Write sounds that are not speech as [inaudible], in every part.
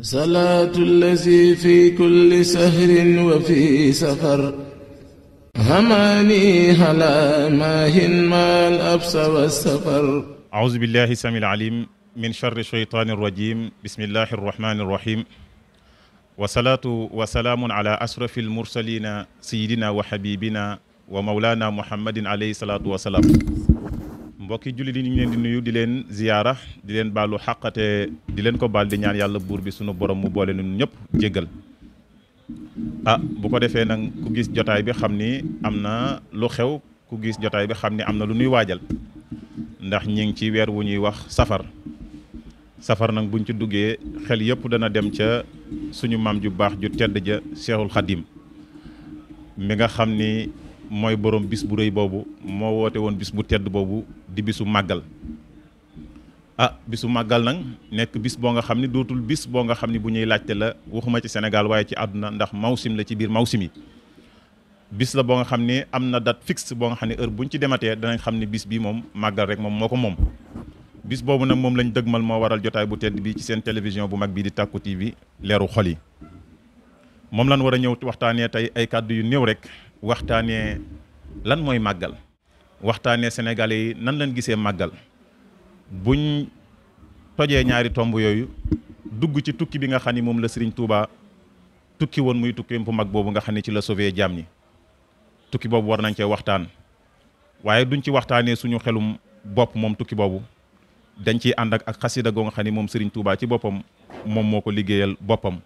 salaatu lazi fi kulli sahrin wa fi safar hamaani ala maahin maal absa wa safar aouzu billahi sami alalim min charri sheytaani irrajim bismillahi irrahmani irrahim wasalaatu wasalaamun ala ashrafi almursalina sayidina wa habibina wa maulana muhammadin alayhi salaatu wasalaam mbokki jullit yi ñu ngi leen di nuyu di leen ziyaara di leen baalu xàqate di leen ko baal di ñaan yàlla buur bi sunu borom mu boole ñun ñëpp jéggal ah bu ko defee nag ku gis jotaay bi xam ni am na lu xew ku gis jotaay bi xam ni am na lu nuy waajal ndax ñi ngi ci weer wu ñuy wax safar safar nag buñ ci duggee xel yëpp dana dem ca suñu maam ju baax ju tedd ja Cheikhul Khadim mi nga xam ni mooy borom bis bu rëy boobu moo woote woon bis bu tedd boobu di bisu màggal a ah, bisu màggal nag nekk bis boo nga xam ni dootul bis boo nga xam ni bu ñuy laajte la waxuma ci Sénégal waaye ci àdduna ndax mawsim la ci biir mawsim yi bis la boo nga xam ni am na date fixe boo nga xam ne heure buñ ci dematee danañ xam ne bis bi moom màggal rek moom moo ko moom bis boobu nag moom lañ dëgmal moo waral jotaay bu tedd bi ci seen télévision bu mag bii di Tacko TV leeru xol yi moom lañ war a ñëw waxtaanee tey ay kàddu yu néew rek waxtaanee lan mooy màggal waxtaanee sénégalais yi nan lañ gisee màggal buñ tojee ñaari tomb yooyu dugg ci tukki bi nga xam ni moom la Serigne Touba tukki woon muy tukki bu mag boobu nga xam ne ci la sauvé jaam ñi tukki boobu war nañ cee waxtaan waaye duñ ci waxtaanee suñu xelum bopp moom tukki boobu dañ ciy ànd ak ak xasida goo nga xam ni moom Serigne Touba ci boppam moom moo ko liggéeyal boppam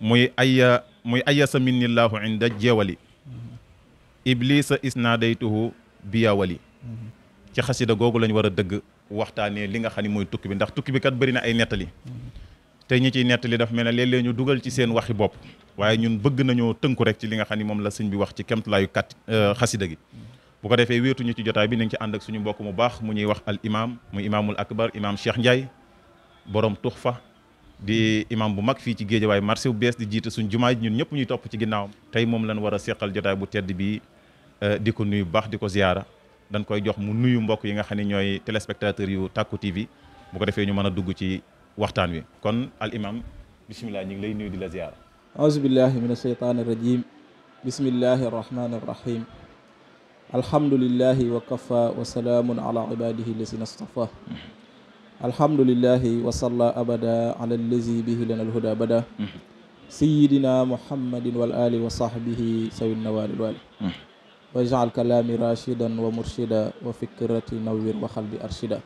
muy ay muy aya sa minnillahu inda jeewali iblisa isnaadaytuhu biya wali ci xasida googu lañu war a dëgg waxtaanee li nga xam ne mooy tukki bi ndax tukki bi kat bëri na ay nettali te ñi ciy nettali dafa mel ne léeg-léeg ñu dugal ci seen waxi bopp waaye ñun bëgg nañoo tënku rek ci li nga xam ne moom la sëñ bi wax ci kemtalaayu kat euh, xasida gi bu ko defee wéetuñu ci jotaay bi nañ ci ànd ak suñu mbokk mu baax mu ñuy wax al imam mu imaamul akbar imam Cheikh boroom borom fa di imam bu mag fii ci géej géejawaay marché bu bees di jiite suñ jumaa ji ñun ñëpp ñu topp ci ginnaawam tey moom lañ war a seqal jotaay bu tedd bi euh, di ko nuyu baax di ko ziyaara dañ koy jox mu nuyu mbokk yi nga xam ne ñooy téléspectateurs yu Tàkku TV bu ko defee ñu mën a dugg ci waxtaan wi kon al imam bisimilah ñu ngi lay nuyu di la ziyaara auzu billahi min asheytaani rajim bismillahi arrahmani arrahim alhamdulillahi wa kafa wa salaamun ala ibadihi lasina stafa alhamdulillahi wasalla abada ala allazi bihi lana alhuda bada sayidina muhammadin wal ali wa sahbihi sawi nawali wali wa jaal kalaami rashidan wa murshida wa fikrati nawwir wa xalbi arshida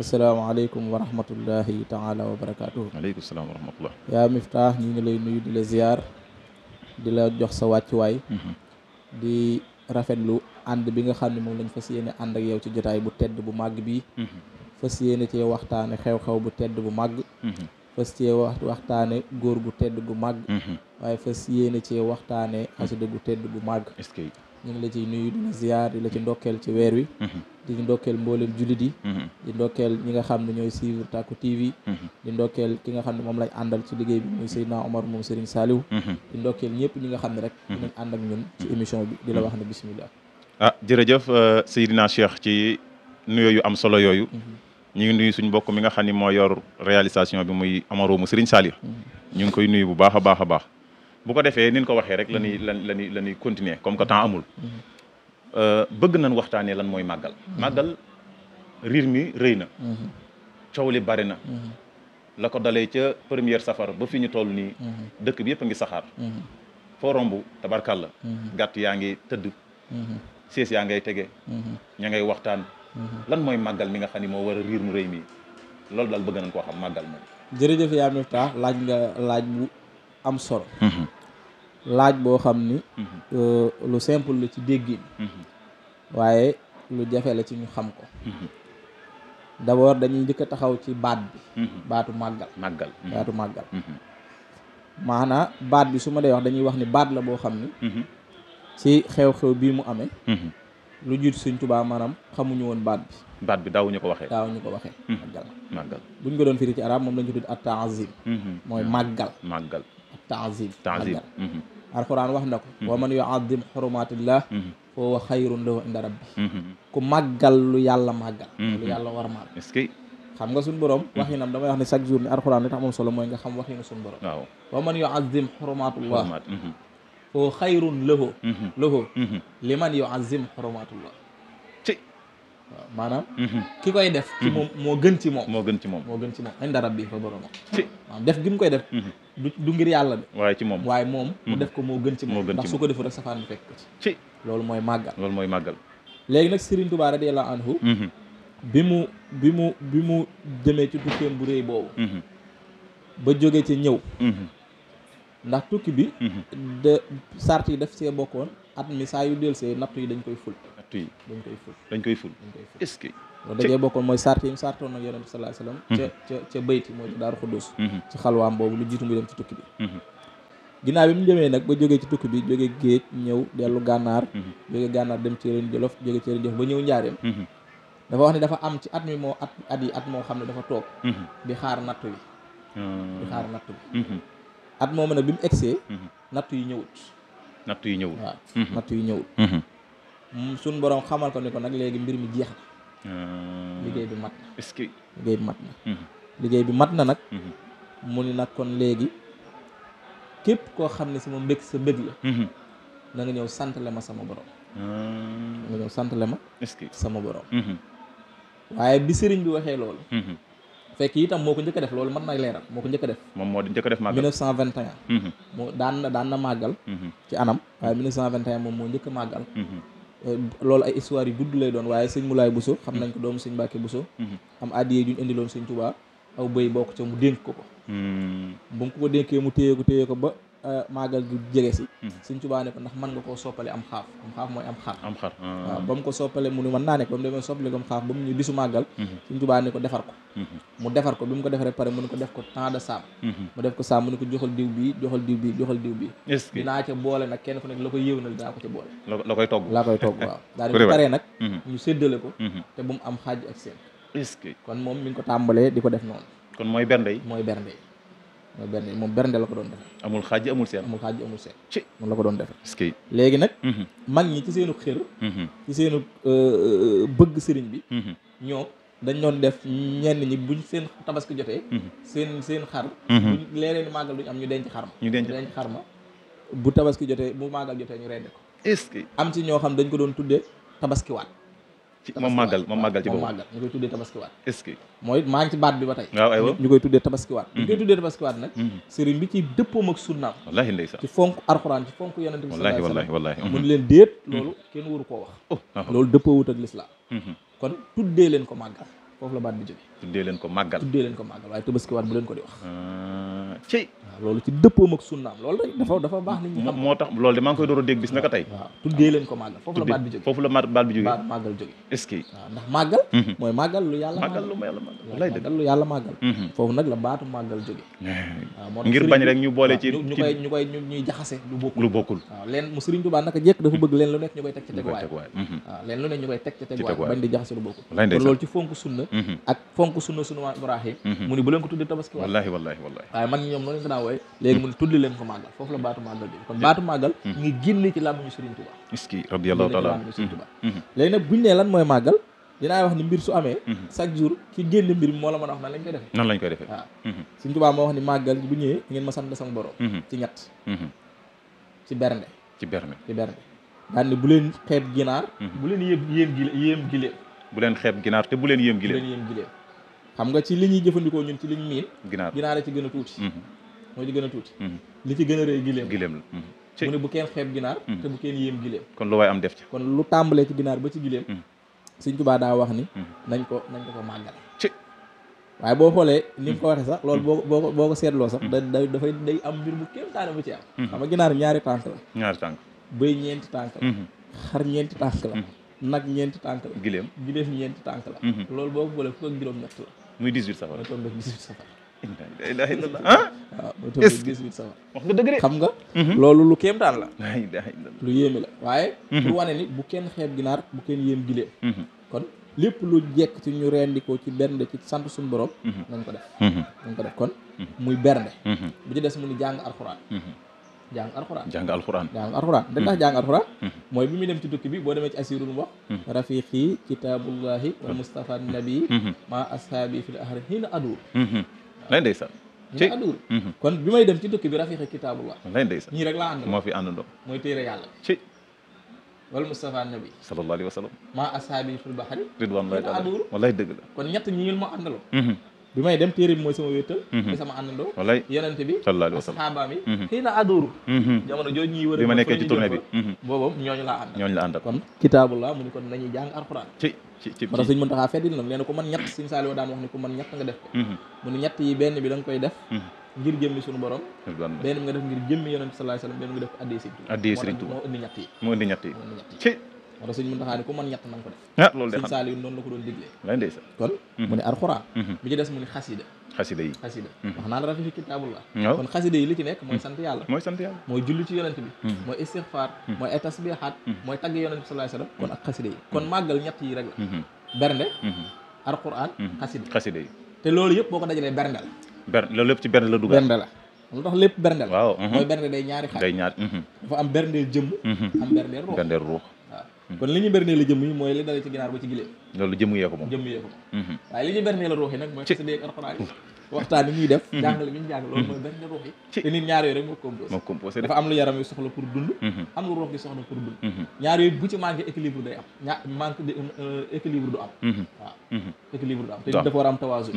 assalaamu aleykum wa rahmatullahi taala wa barakatuhu aleykum salaam wa rahmatullah yaa miftaax ñu ngi lay nuyu di la ziyaar di la jox sa wàccuwaay mm-hmm. di rafetlu ànd bi nga xam ne moom lañ fas yéene ànd ak yow ci jotaay bu tedd bu màgg bii mm-hmm. fas yéene cee waxtaane xew-xew bu tedd bu màgg mm-hmm. fas cee waxtaane góor gu tedd gu mag mm-hmm. waaye fas yéene cee waxtaane mm-hmm. xasida gu tedd gu màgg ñu ngi la ciy nuyu di la ziar di la ci ndokkeel ci weer wi di ndokkeel mboolem jullit yi di ndokkeel ñi nga xam ne ñooy suivre Tacko TV di ndokkeel ki nga xam ne moom lañ àndal ci liggéey bi muy Seydina Omar moom Serigne saaliw di ndokkeel ñëpp ñi nga xam ne rek dinañ ànd ak ñun ci émission bi di la wax ne bismillah ah jërëjëf euh, Seydina ci nuyoo yu am solo yooyu ñu ngi nuyu suñu mbokk mi nga xam ni moo réalisation bi muy amaroo mu Serigne Saliou ñu ngi koy nuyu bu baax a baax a baax bu ko defee ni ko waxee rek la ñuy la ñuy la ñuy continuer comme que temps amul euh, bëgg nañ waxtaanee lan mooy màggal màggal riir mi rëy na coow li bari na la ko dalee ca première safar ba fi ñu toll nii dëkk bi yëpp a ngi saxaar foo romb la gàtt yaa ngi tëdd mhm. sees yaa ngay tege mhm. ña ngay waxtaan lan mooy màggal mi nga xam ni moo war a riir mu rëy mi loolu daal bëgg nañ koo xam màggal moom jërëjëf yaa Miftah laaj nga laaj bu am solo mhm. laaj boo xam ni mhm. euh, lu simple la ci déggin mhm. waaye lu jafe la ci ñu xam ko d'abord dañuy njëkk a taxaw ci baat bi baatu màggal màggal baatu màggal maanaa baat bi su ma dee wax dañuy wax ni baat la boo xam ni ci xew-xew bii mu amee lu jiit suñ tubaa maanaam xamuñu woon baat bi baat bi daawuñu ko waxee daawuñu ko waxee mhm. màggal màggal buñ ko doon firi ci arab moom lañ ko tudd at taazim mhm. mooy màggal màggal at taazim taazim mhm. alxuraan wax na ko wa man yuazim xurumatillah fa huwa xayrun lahu inda rabbi ku màggal lu yàlla màggal lu yàlla war maal est-ce que xam nga suñu borom waxinam damay wax ne chaque jour ne alxuraan li tax moom solo mooy nga xam waxinu suñu borom waaw wa man yuazim xurumatullaa foo xayrun lahu mhm. lahu mhm. liman yuazim xurumatullah ci waaw maanaam mhm. ki koy def ci moom moo gën ci moom moo gën ci moom moo gën ci moom inda rabbi fa boroma ci maanaam def gi mu koy def du ngir yàlla de waaye ci moom waaye moom mu def ko moo gën ci moom ndax su ko deful rek safaan bi fekk ko ci loolu mooy màggal loolu mooy màggal léegi nag Serigne Touba radiyallahu anhu bi mu bi mu bi mu demee ci tukkeem bu réy boobu ba jóge ci ñëw ndax tukki bi mhm. de sart yi daf see bokkoon at mi saa yu delsee natt yi dañ koy ful natt yi dañ koy ful dañ koy ful dañ koy ful est-ce que loolu dajee bokkoon mooy sart yi mu sartoon nag yonent bi sallallahu alayhi wasallam mhm. ca ca ca bayti mooy ci daaru xuddus mhm. ci xalwaam boobu lu jiitu muy dem ci tukki bi ginnaaw bi mu demee nag ba jógee ci tukki bi jógee géej ñëw dellu gànnaar jógee gànnaar dem Céroon Jolof jógee Céroon Jolof ba ñëw njaareem dafa wax ne dafa am ci at mi moo at at yi at moo xam ne dafa toog di xaar natt bi ah. di xaar natt bi at mooma nag bi mu egsee mhm. natt yu ñëwut natt yu ñëwut waaw mhm. natt yu ñëwut mhm. mm, suñ borom xamal ko ne ko nag léegi mbir mi jeex euh, liggéey bi mat na ce que liggéey bi mat na liggéey bi mat na nag mu ni nag kon léegi képp koo xam ne sama mbég sa mbég la na nga ñëw santale ma sama borom euh. ma sama borom waaye bi sëriñ bi waxee loolu fekk itam moo ko njëkk a def loolu mën nay leeral moo ko njëkk a def moom moo di njëkk a def màggal 1921 mhm. moo daan na daan na màggal mhm. ci anam waaye 1921 moom moo njëkk a màggal mhm. euh, ay histoire yu gudd lay doon waaye sëñ Moulay Bousso xam nañ ko doomu sëñ Mbacke Bousso am addiyee juñ indiloon sëñ Touba aw bëy bokk ca mu dénk ko ko hmm. bu ko dénkee mu téye ko téye ko ba Euh, maagal gi jege si hmm. suñ Tuubaa ne ko ndax mën nga koo soppale am xaaf am xaaf mooy am xar am xar ah. waaw ba mu ko soppalee mu ne mën naa ne ko ba mu am xaaf ba mu màggal hmm. Sëñ ne ko defar ko hmm. mu defar ko bi mu ko defaree pare mu ne ko def ko temps de saam mu def ko saam mu ne ko joxal diw bi joxal diw bi joxal diw bii dinaa ca boole nag kenn ku nekk la koy yéwénal dinaa ko ca boole la koy togg la koy togg waaw [laughs] daal di paree nag ñu séddale ko te bu mu am xaaj ak seen est kon moom mi ngi ko tàmbalee di ko def noonu kon mooy bernde mooy bernde yi mooy moom bernde la ko doon defe amul xaaj amul seen amul xaaj amul seen ci moom la ko doon defe léegi nag mhm. mag ñi ci seenu xër mhm. ci seenu euh, euh, bëgg sëriñ bi mhm. ñoom dañ doon def ñenn ñi buñ seen tabaski jotee seen seen xar buñ léeg-léeg màggal duñu am ñu denc xar ma ñu denc xar ma bu tabaski jotee bu màggal jotee ñu rende ko est-ce que am si ñoo xam dañ ko doon tuddee tabaski moom màggal moom màggal ñu koy tuddee tabaskiwaat mooy maa ci baat bi ba tey waaw aywa ñu koy tuddee tabaskiwaat ñu mhm. koy tuddee tabaskiwaat nag mhm. sëriñ bi ci dëppoom ak sunnaam wallaahi ndeysaan ci fonk alxuraan ci fonk yonente bi wallaahi wallaahi mun leen déet mhm. loolu kenn waru koo wax oh, loolu dëppoowut ak lislaam kon tuddee leen ko màggal foofu la baat bi jóge tuddee leen ko màggal tuddee leen ko màggal waaye tabaski bu leen ko di wax ah, ci loolu ci dëppoom ak sunnaam loolu rek dafa baax nit ñi xam moo tax loolu de maa ngi koy door a dégg bis naka tey waaw tuddee leen ko màggal foofu la baat bi jóge foofu la baat bi jóge mhm. mhm. eh, ngir bañ rek ñu boole ci ñu koy ñu jaxase lu bokkul lu bokkul waaw leen mu Sëriñ Tuubaa naka jekk dafa bëgg leen lu nekk ñu koy teg ci tegwaay mhm. leen lu nekk ñu koy teg ci tegwaay bañ di jaxase lu bokkul loolu ci fonk Mhm. mu ni bu leen ko tuddee tabaski wa wallahi wallahi wallahi waaye man ñoom noonu ko daan wooye léegi mu ni tuddi leen ko màggal foofu la baatu màggal bi kon baatu màggal mhm. ngi génn mhm. léegi nag buñ ne su amee chaque moo a wax nan ni màggal bu ñëwee ma sant sama borom ci ñett ci bernde ci bernde ci ni bu leen xeeb ginaar bu leen yéem yéem bu leen xeeb ginaar te bu leen yéem gileem xam nga ci li ñuy jëfandikoo ñun ci liñ miin ginaar ginaar la ci gën a tuuti mhm. moo ci gën a tuuti mhm. li ci gën a rëy giléem giléem la mhm. mu ne bu kenn xeeb ginaar te bu kenn yéem giléem kon lu waay am def ci kon lu tàmbalee ci ginaar ba ci giléem Sëñ Tuubaa daa wax ni nañ ko nañ ko ko màggale ci waaye boo xoolee ni mu ko waxee sax lool boo boo ko boo ko seetloo sax da da dafay day am mbir bu kéem taane bu ci am xam nga ginaar ñaari tànk la ñaari tànk bëy ñeenti tànk la xar ñeenti tànk la nag ñeenti tànk la giléem giléem ñeenti tànk la boo ko boolee fukk muy 18 safar. mooy tombé 18 safar. la ilaha illallah ah. waaw ah, mooy de. xam nga. Mhm. loolu lu kéemtaan la. la ilaha illallah lu yéeme la waaye. Mhm. pour wane ni bu kenn xeeb ginaar bu kenn yéem gilee mhm. kon lépp lu jekk ci ñu rendikoo ci bernde ci sant suñu borom. nañ ko def. nañ ko def kon. muy bernde. bu ci des mu ni jàng alxuraan. jàng alxuraan jàng alxuraan jàng alxuraan da hmm. hmm. mooy bi muy dem ci tukki bi boo demee ci asirul wax hmm. rafiqi kitaabullahi wa mustafa nabi ma ashaabi fi ahri hina adur lay ndeysaan hina adur kon bi may dem ci tukki bi rafiqi kitaabullah lay ndeysaan ñii rek la àndal moo fi àndandoo mooy téere yàlla ci wal mustafa nabi sallallahu alayhi ma ashaabi fil bahri ridwan lay adur dëgg la kon ñett ñi ñun mo àndaloo bi may dem téere mooy sama wéttal bi mhm. sama àndandoo wallaay bi sallallahu alayhi wa sallam sahabaam mhm. yi xëy na adooru mhm. jamono jooju ñuy wër bi ma nekkee ci tournée bi boobam ñooñu la àndal kon kitaabullah mu ni kon nañuy jàng alxuraan ci ci ci parce man ñett suñ saali wax ni ku man ñett nga def ko ñett yi benn bi da koy def ngir jëmmi suñu borom benn nga def ngir jëmmi yonente sallallahu alayhi moo indi ñett yi wala sëñ Muntaxa ne ku mën ñett nanga ko def ah, loolu de sëñ Saaliw noonu la ko doon diglee lay ndeysaan kon mhm. mu ne alxuraan mhm. bi ci des mu ne xasida xasida yi xasida mhm. wax naa la rafi fi kitaabullah kon xasida yi li ci nekk mooy sant yàlla mooy sant yàlla mooy julli ci yonent bi mooy istixfaar mooy ay tasbihaat mooy tagg yonent bi sallallahu alayhi wasallam kon ak xasida yi kon màggal ñett yi rek la bernde alxuraan xasida xasida yi te loolu yëpp boo ko dajalee bernde la bernde loolu yëpp ci bernde la dugal bernde la lu tax lépp bernde la waaw mooy bernde day ñaari xaaj day ñaar dafa am bernde jëmm am bernde ruux bernde ruux Hmm. kon li ñu bernee la jëmm yi mooy li dalee ci ginaar ba ci giléem loolu jëmm yee ko moom jëmm yee ko moom hmm. waaye li ñu bernee la ruux nag mooy xasida yi ñuy def hmm. jàngale bi ñu jàng loolu mooy berne ruux te nit ñaar yooyu rek moo composé dafa am lu yaram yu soxla pour dund am lu ruux gi soxla pour dund ñaar yooyu bu ci manqué équilibre day am ña de euh, équilibre du am waaw équilibre du am te dafa war am tawaasu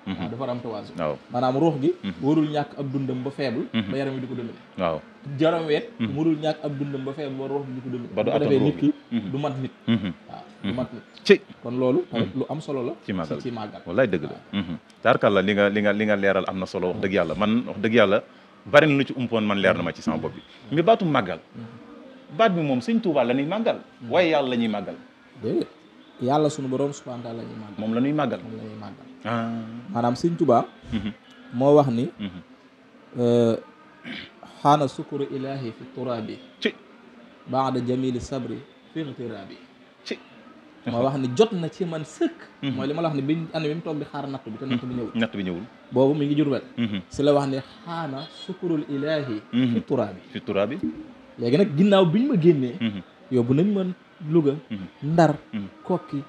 waaw mm-hmm. ah, dafa war am tawaasu waaw maanaam ruux gi mm-hmm. warul ñàkk ab dundam ba faible ba mm-hmm. yaram wi di ko dominer waaw jaram weet warul ñàkk ab dundam ba faible ba ba du defee nit ki du mat nit ci kon loolu lu am solo la ci màggal ci màggal wallaay dëgg la taarkalla li nga li nga li nga leeral am na solo wax dëgg yàlla man wax dëgg yàlla bari na lu ci umpoon man leer na ma ci sama bopp bi mais baatu màggal baat bi moom sëñ Tuubaa la ñuy màggal waaye yàlla la ñuy màggal yàlla sunu borom subhaanahu wa la moom la ñuy màggal moom la ñuy màggal. Ah. maanaam sëñ Tuubaa. Mhm. moo wax ni. Mhm. Eh, xaana sukuru ilaahi fi turaabi. ci baada jamili sabri fi irtiraabi. ci moo wax ni jot na ci man sëkk. Mhm. mooy li ma la wax ni biñ année bi mu toog di xaar natt bi te natt bi ñëwul. natt bi ñëwul. boobu mi ngi Jurbel. si la wax ni xaana sukurul ilaahi. fi turaabi fi léegi nag ginnaaw biñ ma génnee. yóbbu nañ man. Louga mhm. Ndar mhm. Kokki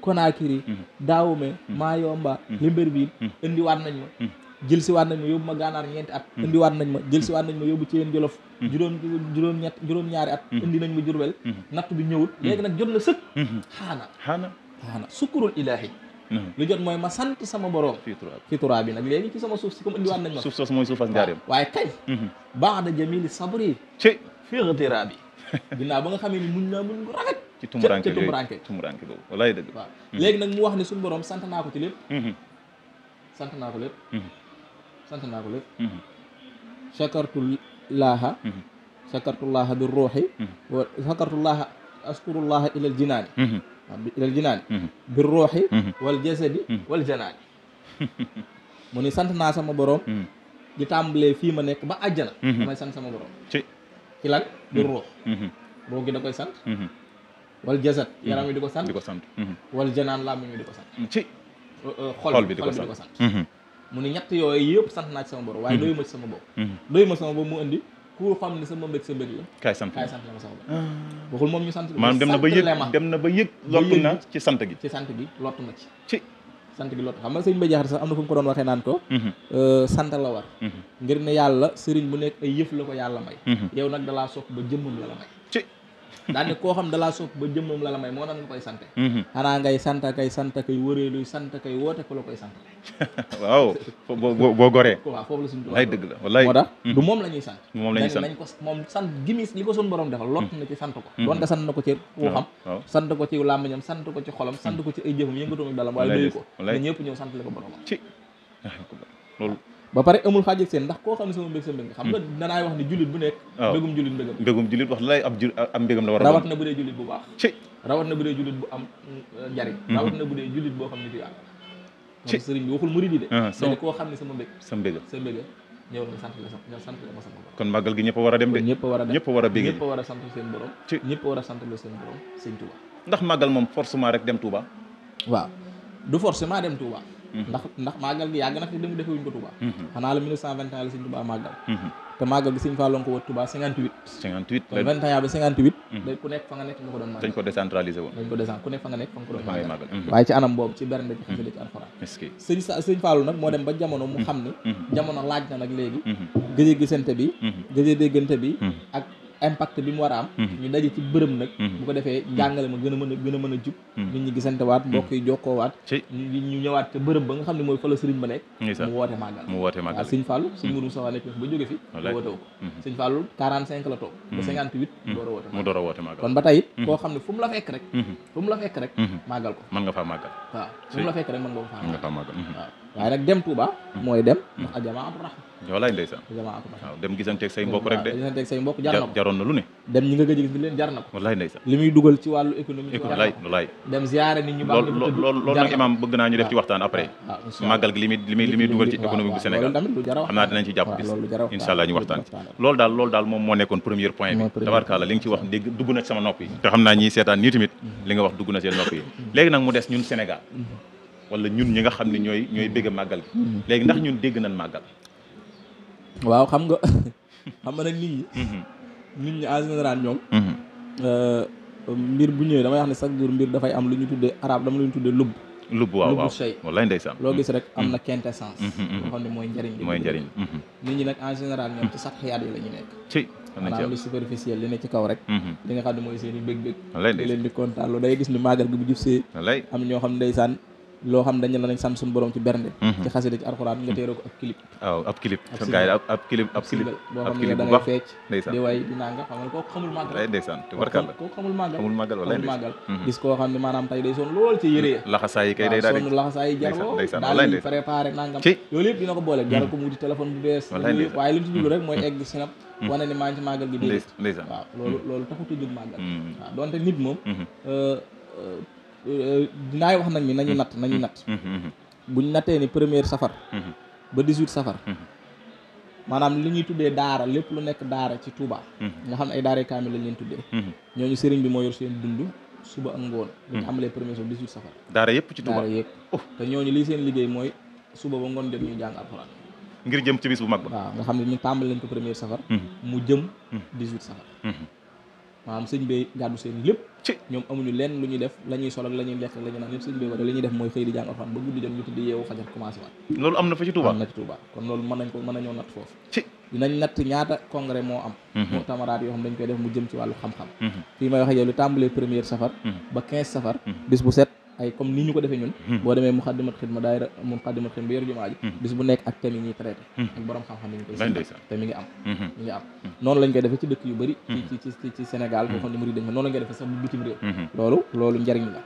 Konakiri mhm. euh, Daawume Maayomba Libreville indi waat nañ ma jël si waat nañ ma ma gànnaar ñeenti at indi waat nañ ma jël si waat nañ ma yóbbu ci yéen jolof juróom juróom ñett juróom ñaari at indi nañ ma jurbel natt bi ñëwut léegi nag jot na sëkk xaana xaana xaana sukkurul ilaahi lu jot mooy ma sant sama borom fi turaa bi nag léegi ci sama suuf si comme indiwaat nañ ma suuf soos mooy suufas njaareem waaye kay baax da jamili sabri ci fi xatiraa bi ginnaaw ba nga xamee ni muñ naa muñ bu rafet [laughs] ci tumuranke tumuranke tumuranke waaw mm-hmm. léegi nag mu wax ne suñu borom sant ko ci lépp mm-hmm. sant naa ko lépp mm-hmm. sant naa ko lépp chakartullaaha chakartullaaha bi ruuxi wa chakartullaaha askurullaaha ilal jinaani ilal jinaani ruuxi wal jasadi wal [laughs] ni sant naa sama borom di tàmbalee fii ma nekk ba àjjana damay sant sama borom ci di mm-hmm. ruux mm-hmm. ruux gi da koy sant mm-hmm. wal jasad yaram wi di ko sant di ko sant wal janaan làmmiñ wi di ko sant ci xol bi di ko sant mu ne ñett yooyu yëpp sant naa ci sama borom waaye doyu ma ci sama bopp doyu ma sama bopp mu indi ku xam ne sama mbég sa mbég la kaay sant la ma sama bopp waxul moom ñu sant maanaam dem na ba yëg dem na ba yëg lottu na ci sant gi ci sant gi lottu na ci sant gi lot xam nga sëñ Mbaye Diakhate sax am na fu mu ko doon waxee naan ko mhm. euh, sant la war mhm. ngir ne yàlla sëriñ bu nekk ay yëf la ko yàlla may mhm. yow nag dalaa sopp ba jëmmam la la may daal koo xam dalaa sopp ba jëmmam la la may moo tax nga koy sant mhm. xanaa ngay sant kay sant kay wëreeluy sant kay woote ko la koy sant [laughs] waaw boo goree waaw foofu la suñu tubaab lay dëgg la wallaay moo mhm. moom la ñuy sant moom la ñuy sant nañ ko moom sant gimis li ko mhm. ci sant ko doonte sant na ko ci waxam sant ko ci sant ko ci sant ko ci ay jëfam yëngatoom ak dalam waaye doyu ko na ñëpp ñëw sant la ko boromam ba pare amul xaaj ak seen ndax koo xam ne sama mbég sa mbég nga xam nga hmm. danaay wax ne jullit bu nekk oh. mbégum jullit mbégam mbégum jullit a rawat na bu dee jullit bu baax ci rawat na bu dee jullit bu am uh, njariñ hmm. rawat na bu dee jullit boo xam ne nitu yàlla bi waxul murid yi de ah, dane koo xam ne sama mbég sa mbéga sa mbéga ñëw na sant la sant sant kon màggal gi ñëpp a war a dem de ñëpp a war a ñëpp a a bégee ñëpp a a sant seen borom ci ñëpp a ndax màggal moom forcément rek dem Touba waaw du forcément dem Touba Mm-hmm. ndax ndax màggal gi yàgg na fi dem defewuñ ko Touba mm-hmm. xanaa la 1921 la Sëñ Touba màggal mm-hmm. te màggal gi Sëñ Fallou ko wër Touba 58 58 kon 21 ba 58 dañ ku nekk fa nga nekk nga ko doon màggal dañ ko décentralisé woon dañ ko décent ku nekk fa nga nekk fa nga ko doon màggal waaye ci anam boobu ci bernde ci xasida ci alxuraan sëñ sa sëñ Fallou nag moo dem ba jamono mu xam ne jamono laaj na nag léegi gëj a gisante bi gëj a déggante bi ak impact bi mu war a am mhm. ñu daje ci bërëm nag mhm. bu ko defee njàngale ma gën a mën a gën a mën a jub mhm. nit ñi gisantewaat mbokk yi jokkoowaat ñu ñëwaat te bërëm ba nga xam ne mooy fa la ba nekk mu woote màggal mu woote màggal waaw sëñ Fallou sëñ Mourou Sowa nekk ba jóge fi woote wu ko sëñ Fallou quarante cinq la toog cinquante huit a woote mu door a woote màggal kon ba tey it koo xam ne fu la fekk rek fu mu la fekk rek màggal ko man nga faa màggal waaw fu la fekk rek mën nga faa màggal waaye nag dem Touba. mooy dem ndax aljamaatu rahma. walaay ndeysaan aljamaatu rahma waaw dem gisanteeg say mbokk rek de gisanteeg say mbokk jar na jaroon na lu ne dem ñi nga gëj gis leen jar na naa ñu def ci waxtaan après màggal gi li muy li muy li muy dugal ci économie bu Sénégal xam naa dinañ ci jàpp bis insha allah ñu waxtaan ci loolu daal loolu daal moom moo nekkoon premier point bi tabarkaala li nga ci wax dégg na sama nopp te xam naa ñiy seetaan nii tamit wax dugg na seen nopp yi mm-hmm. mu des ñun Sénégal wala ñun ñi nga xam ne ñooy ñooy bëgg màggal mm-hmm. léegi ndax ñun dégg nañ màggal waaw xam nga [laughs] xam nga nag nit ñi mm-hmm. nit ñi en général ñoom mm-hmm. euh, mbir bu ñëwee damay wax ne chaque jour mbir dafay am lu ñu tuddee arab dama lu ñu tuddee lubb lubb waaw waaw shay wallaay ndeysaan am na quintessence loo xam ne mooy njëriñ mooy njëriñ nit ñi nag en général ñoom ci sax xiyaat la ñu nekk ci maanaam lu superficiel li ci kaw rek li nga xam ne mooy seen i bëgg-bëgg leen di kontaan loolu day gis ni màggal gi bu jub see am ñoo xam ndeysaan loo xam dañ la nañ sant suñu borom ci bernde mhm. ci xasida ci alxuraan nga téere ko ab clip ab clip boo xam ne da ngay fecc di way di nanga xamal kooku xamul eh, xamul màggal mhm. gis koo xam ne maanaam tay day son lool ci yére laxasaay yi kay day daal sonn laxasaay yi jaroo daal di préparé nangam loolu yëpp dina ko boole jaral ko mu di téléphone bu bees waaye lu ñu ci rek mooy mhm. egg sinap wane ni maa ci màggal gi déedéet waaw loolu loolu taxutu jóg màggal donte nit moom euh, euh, Euh, dinaa yi wax nañ ni nañu natt hmm. nañu natt hmm. Hmm. buñ natee ni première safar ba 18 safar maanaam li ñuy tuddee daara lépp lu nekk daara ci Touba nga xam ne ay daara kaamil lañ leen tuddee ñu sëriñ bi moo yor seen dund suba ak ngoon dañu amalee premier safar 18 safar daara yëpp ci Touba daara yëpp oh. te ñooñu lii seen liggéey mooy suba ba ngoon jot ñuy jàng alxuraan ngir jëm ci bis bu mag ba waaw nga xam ne ñu tàmbali lañ ko premier safar mu jëm 18 safar maanaam sëñ bee gàddu seen lépp ñoom amuñu lenn lu ñuy def la ñuy sol lekk ak naan lépp sëñ bee war li ñuy def mooy xëy di jàng alxuraan ba guddi jot ñu tuddi yeewu fajar commencé waat loolu am na fa ci Touba kon loolu mën nañoo natt foofu dinañ natt ñaata congrès moo am mhm. moo tamaraat yoo xam dañ koy def mu jëm ci wàllu xam-xam mhm. fii may waxe yow li tàmbalee première safar mhm. ba quinze safar bis bu set ay comme ni ñu ko defee ñun hmm. boo demee muxaddimat xidma daayira muxaddimat xidma bi yor jumaa hmm. bis bu nekk ak thème yi ñuy hmm. ak borom xam-xam yi ñu koy te mi ngi am mi ngi am noonu lañ koy defee ci dëkk yu bëri ci ci ci Sénégal noonu lañ koy defee sax bu bitim réew loolu loolu njariñ la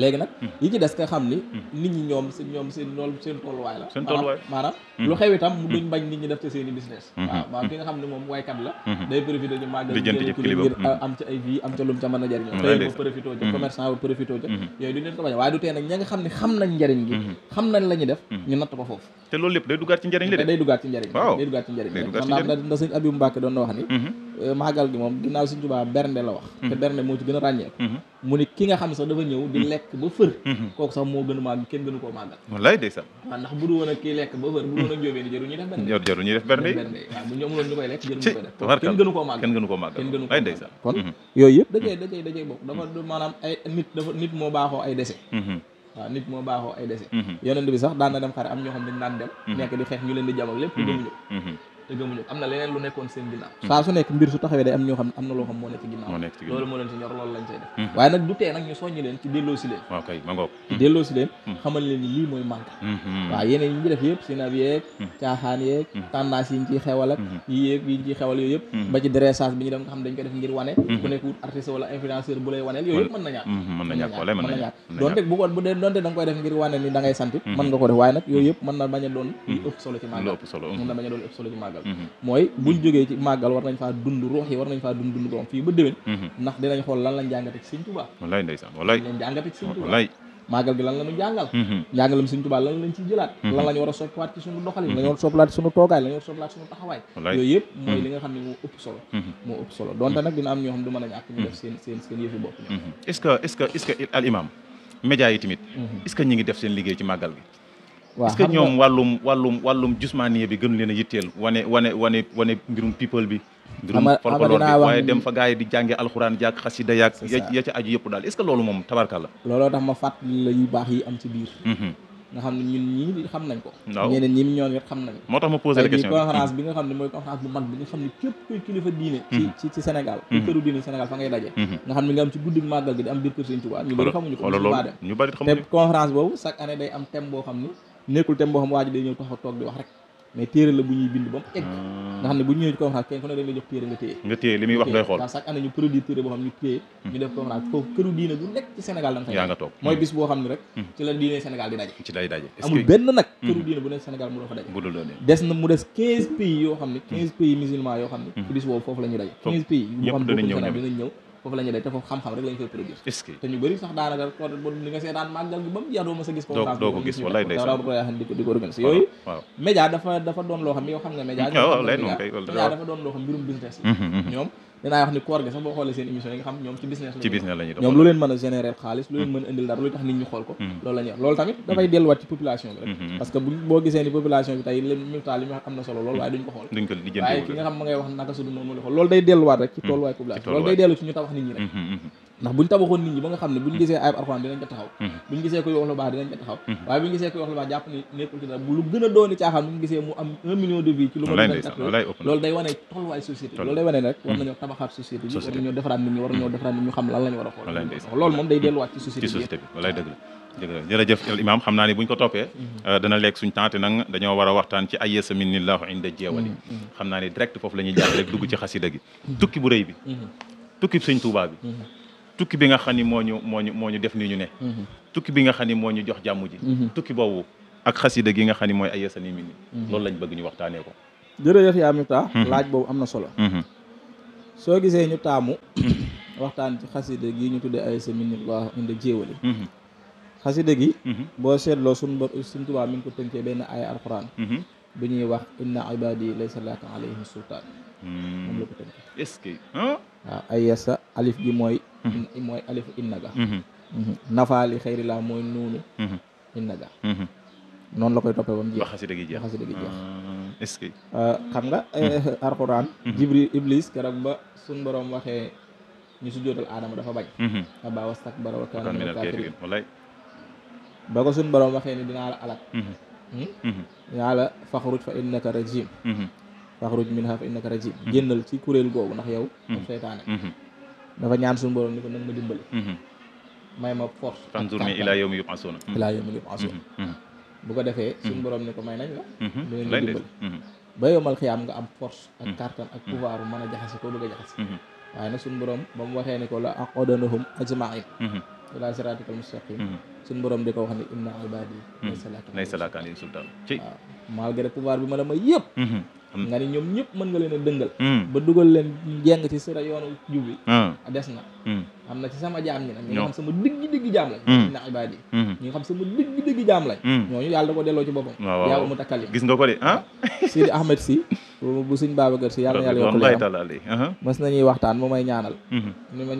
léegi nag hmm. yi ci des nga xam ni hmm. nit ñi ñoom seen ñoom seen loolu seen tolluwaay la seen tolluwaay maanaam hmm. lu xew itam mu duñ bañ nit ñi def te seen i business waaw waaw ki nga xam ne moom waykat la day profité ci màggal ngir am ci ay vie am ca lum ca mën a jëriñoo tey ba profité ca commerçant ba yooyu duñ leen ko bañ waaye du tee nag ña nga xam ne xam nañ njëriñ gi xam nañ la ñuy def ñu natt ko foofu te loolu lépp day duggaat ci njëriñ la day duggaat ci njëriñ waaw day duggaat ci njëriñ maanaam da sëñ Abibu Mbàkke doon na wax ni maagal mhm. euh, gi moom ginnaaw sëñ Tuubaa bernde la wax mhm. te bernde moo ci gën a ràññeek mhm. mu ni ki nga xam sax dafa ñëw di lekk ba fër kooku sax moo gën maa kenn gënu koo màggal wallaay day sax waaw ndax bu du woon ak kii lekk ba fër bu du woon ak njóobee ni jëru ñuy def bernde jëru ñuy def bernde waaw bu ñu amuloon ñu koy lekk jëru ñu koy def kenn gënu koo màggal kenn gënu koo màggal kenn gënu koo màggal kon yooyu yëpp dajee dajee dajee bokk dafa maanaam ay nit dafa nit moo baaxoo ay dese waaw nit moo baaxoo ay dese mhm. yonent bi sax daan na dem xare am ñoo xam daan dem mhm. nekk di xeex ñu leen di jam ak lépp mhm. demuñu te gëmuñu am na leneen lu nekkoon seen ginnaaw hmm. saa su nekk mbir su taxawee day am ñoo xam na loo xam moo nekk ci ginnaaw loolu moo leen ci ñor loolu lañ cay def hmm. waaye nag du tee nag ñu soññi leen ci delloo si leen waaw kay ma ngoog ci delloo si leen hmm. xamal leen lii mooy manque ko def waaye nag yooyu yëpp mën na bañ doon ëpp solo ci màggal mën na bañ doon ëpp solo ci màggal màggal mhm. mooy buñ mhm. jógee ci màggal war nañ faa dund ruux yi war nañ faa dund dund borom fii ba déwén mhm. ndax dinañ xool lan lañ jàngate ci Sëñ Tuubaa gi lan la jàngal njàngalam Sëñ Tuubaa lan lañ ciy jëlaat lan la ñu war ci suñu doxalin la ñu war a soppiwaat ci suñu toogaay la taxawaay yooyu yëpp mooy li xam ne moo ëpp solo moo ëpp solo donte nag dina am ñoo xam du mën a ñàkk ñu def seen seen bopp est-ce que est-ce que est-ce que est-ce que ñoom wàllum wàllum bi gënu a yitteel wane wane wane wane mbirum people bi mbirum folklore bi waaye dem fa gars yi di jànge alxuraan jàkk xasida yaag ya aju yëpp daal est-ce que loolu moom tabarkàlla looloo tax ma fàttali la yu baax yi am ci biir mm-hmm. nga xam ne ñi ñoom it xam nañ moo tax bi nga xam ne mooy conférence bu mag bi nga xam ne képp kuy kilifa diine ci mm-hmm. Sénégal kuy mm-hmm. këru diine Sénégal fa ngay daje nga xam ne nga am ci guddig nekkul thème boo xam waa ji day ñëw taxaw toog di wax rek mais téere la bu ñuy bind ba mu egg nga xam ne bu ñu ñëwee ci conférence kenn ku ne dañ jox téere nga téye nga téye li muy wax nekk ci Sénégal danga fay yaa nga toog mooy bis boo xam ne rek hmm. ci la diine Sénégal di daje amul benn nag hmm. këru diine bu nekk Sénégal mu doo fa daje des na mu des quinze pays yoo xam ne hmm. quinze pays musulmans yoo xam ne ci bis boobu foofu la daje quinze pays yoo ñëw foofu la ñuy te foofu xam-xam rek lañ fay produire te ñu bëri sax daanaka li nga seetaan màggal gi ba mu jeex sa gis conférence doo ko gis wallaay ndeysaan dara ko yaaxan di ko di ko organiser yooyu média dafa dafa doon loo xam yow xam nga média [laughs] dafa doon loo xam mbirum business la [laughs] ñoom dinaa wax ni koor gi sax boo xoolee seen émission yi nga xam ñoom ci business ci business la ñoom lu leen mën a xaalis lu leen mm. mën indil dara lu tax nit ñi xool ko mm. loolu la wax loolu tamit mm. dafay delluwaat ci population bi rek mm-hmm. parce que boo gisee ni population bi tey li mu taal li mu wax am na solo loolu waaye duñ ko xool waaye ki nga xam ma ngay wax naka su du noonu la xool loolu day delluwaat rek ci tolluwaay population loolu day dellu ndax buñ tabaxoon nit ñi ba nga xam ne buñ hmm. gisee ayib alxuraan dinañ ko taxaw hmm. buñ gisee koy wax lu baax dinañ ko taxaw hmm. waaye buñ gisee koy wax lu baax jàpp ni nekkul ci dara bu lu gën a dooni caaxaan buñ gisee mu am un million de vues ci lu ma loolu day wane tolluwaay société loolu day wane rek war nañoo tabaxaat société bi war nañoo defaraat nit ñi war nañoo defaraat nit ñu xam lan lañ war a xool loolu moom day delluwaat ci société bi walaay dëgg la jërëjëf jërëjëf imaam xam naa ni buñ ko toppee euh, dana lekk suñ temps te nag dañoo war a waxtaan ci ay yeesa minnillahu inda jeewali xam naa ni direct foofu la ñuy jàll rek dugg ci xasida gi tukki bu rëy bi tukki suñ tuubaa bi tukki bi nga xam ni moo ñu moo ñu moo ñu def nii ñu ne mhm. tukki bi nga xam ni moo ñu jox jàmm ji mhm. tukki boobu ak xasida gi nga xam ni mooy ay sa mi ni mhm. loolu lañ bëgg ñu waxtaanee ko jërëjëf yaa Miftaah laaj boobu am na solo soo gisee ñu taamu [coughs] waxtaan ci xasida gi ñu tudde ay saminillah inda jéewale xasida gi boo seetloo suñ bor suñ tubaab mi ngi ko tënkee benn aaya alquran bi ñuy wax inna ibadi sa laka alayhim sultaan moom la ko tënk est-ce ah, alif gi mooy mm-hmm. mooy alifu innaga mm-hmm. Mm-hmm. nafaali xëyri mooy nuunu innaga noonu la koy toppee ba mu jeex ba xasida ba xasida gi jeex ah, ah, xam nga eh, eh, alxuraan jibril iblis keroog ba suñ borom waxee ñu su jootal aadama dafa bañ abaa wastakbara wa kaana minal kaafiriin wallaay ba ko suñ borom waxee ni dinaa la alak dinaa hmm? la faxruj fa innaka rajim faxruj minha fa innaka rajim mhm. génnal ci kuréel googu ndax yow mhm. ak seytaane mhm. dafa ñaan suñu borom ni ko nag ma dimbali may ma force tanzurni ilaa yawmi yub'asuna ko defee suñu borom ni ko may nañ ba yowmal xiyaam nga am force ak kàttan ak pouvoir bu mën a jaxase ko bëgg a jaxase waaye nag suñu borom ba mu waxee ni ko la aqodanahum ajmain ilaa siraatikal mustaqim suñu borom di ko wax ni inna ibadi laysa pouvoir bi ma la may yëpp Mm. nga ni ñoom ñëpp mën nga leen a dëngal mm. ba dugal leen jeng ci sira yoonu jub bi mm. des na am na ci sama jaam ñi nag ñi nga xam sama dëgg dëgg jaam lañ na ibaad yi ñi nga xam sama dëgg dëgg jaam lañ ñooñu yàlla da ko delloo ci boppam yaaw mu takkal yi gis nga ko de ah [laughs] Sidi si bu suñ Babacar si yàlla na yàlla yokk leeram uh-huh. na ñuy waxtaan mu may ñaanal mm-hmm. ni ma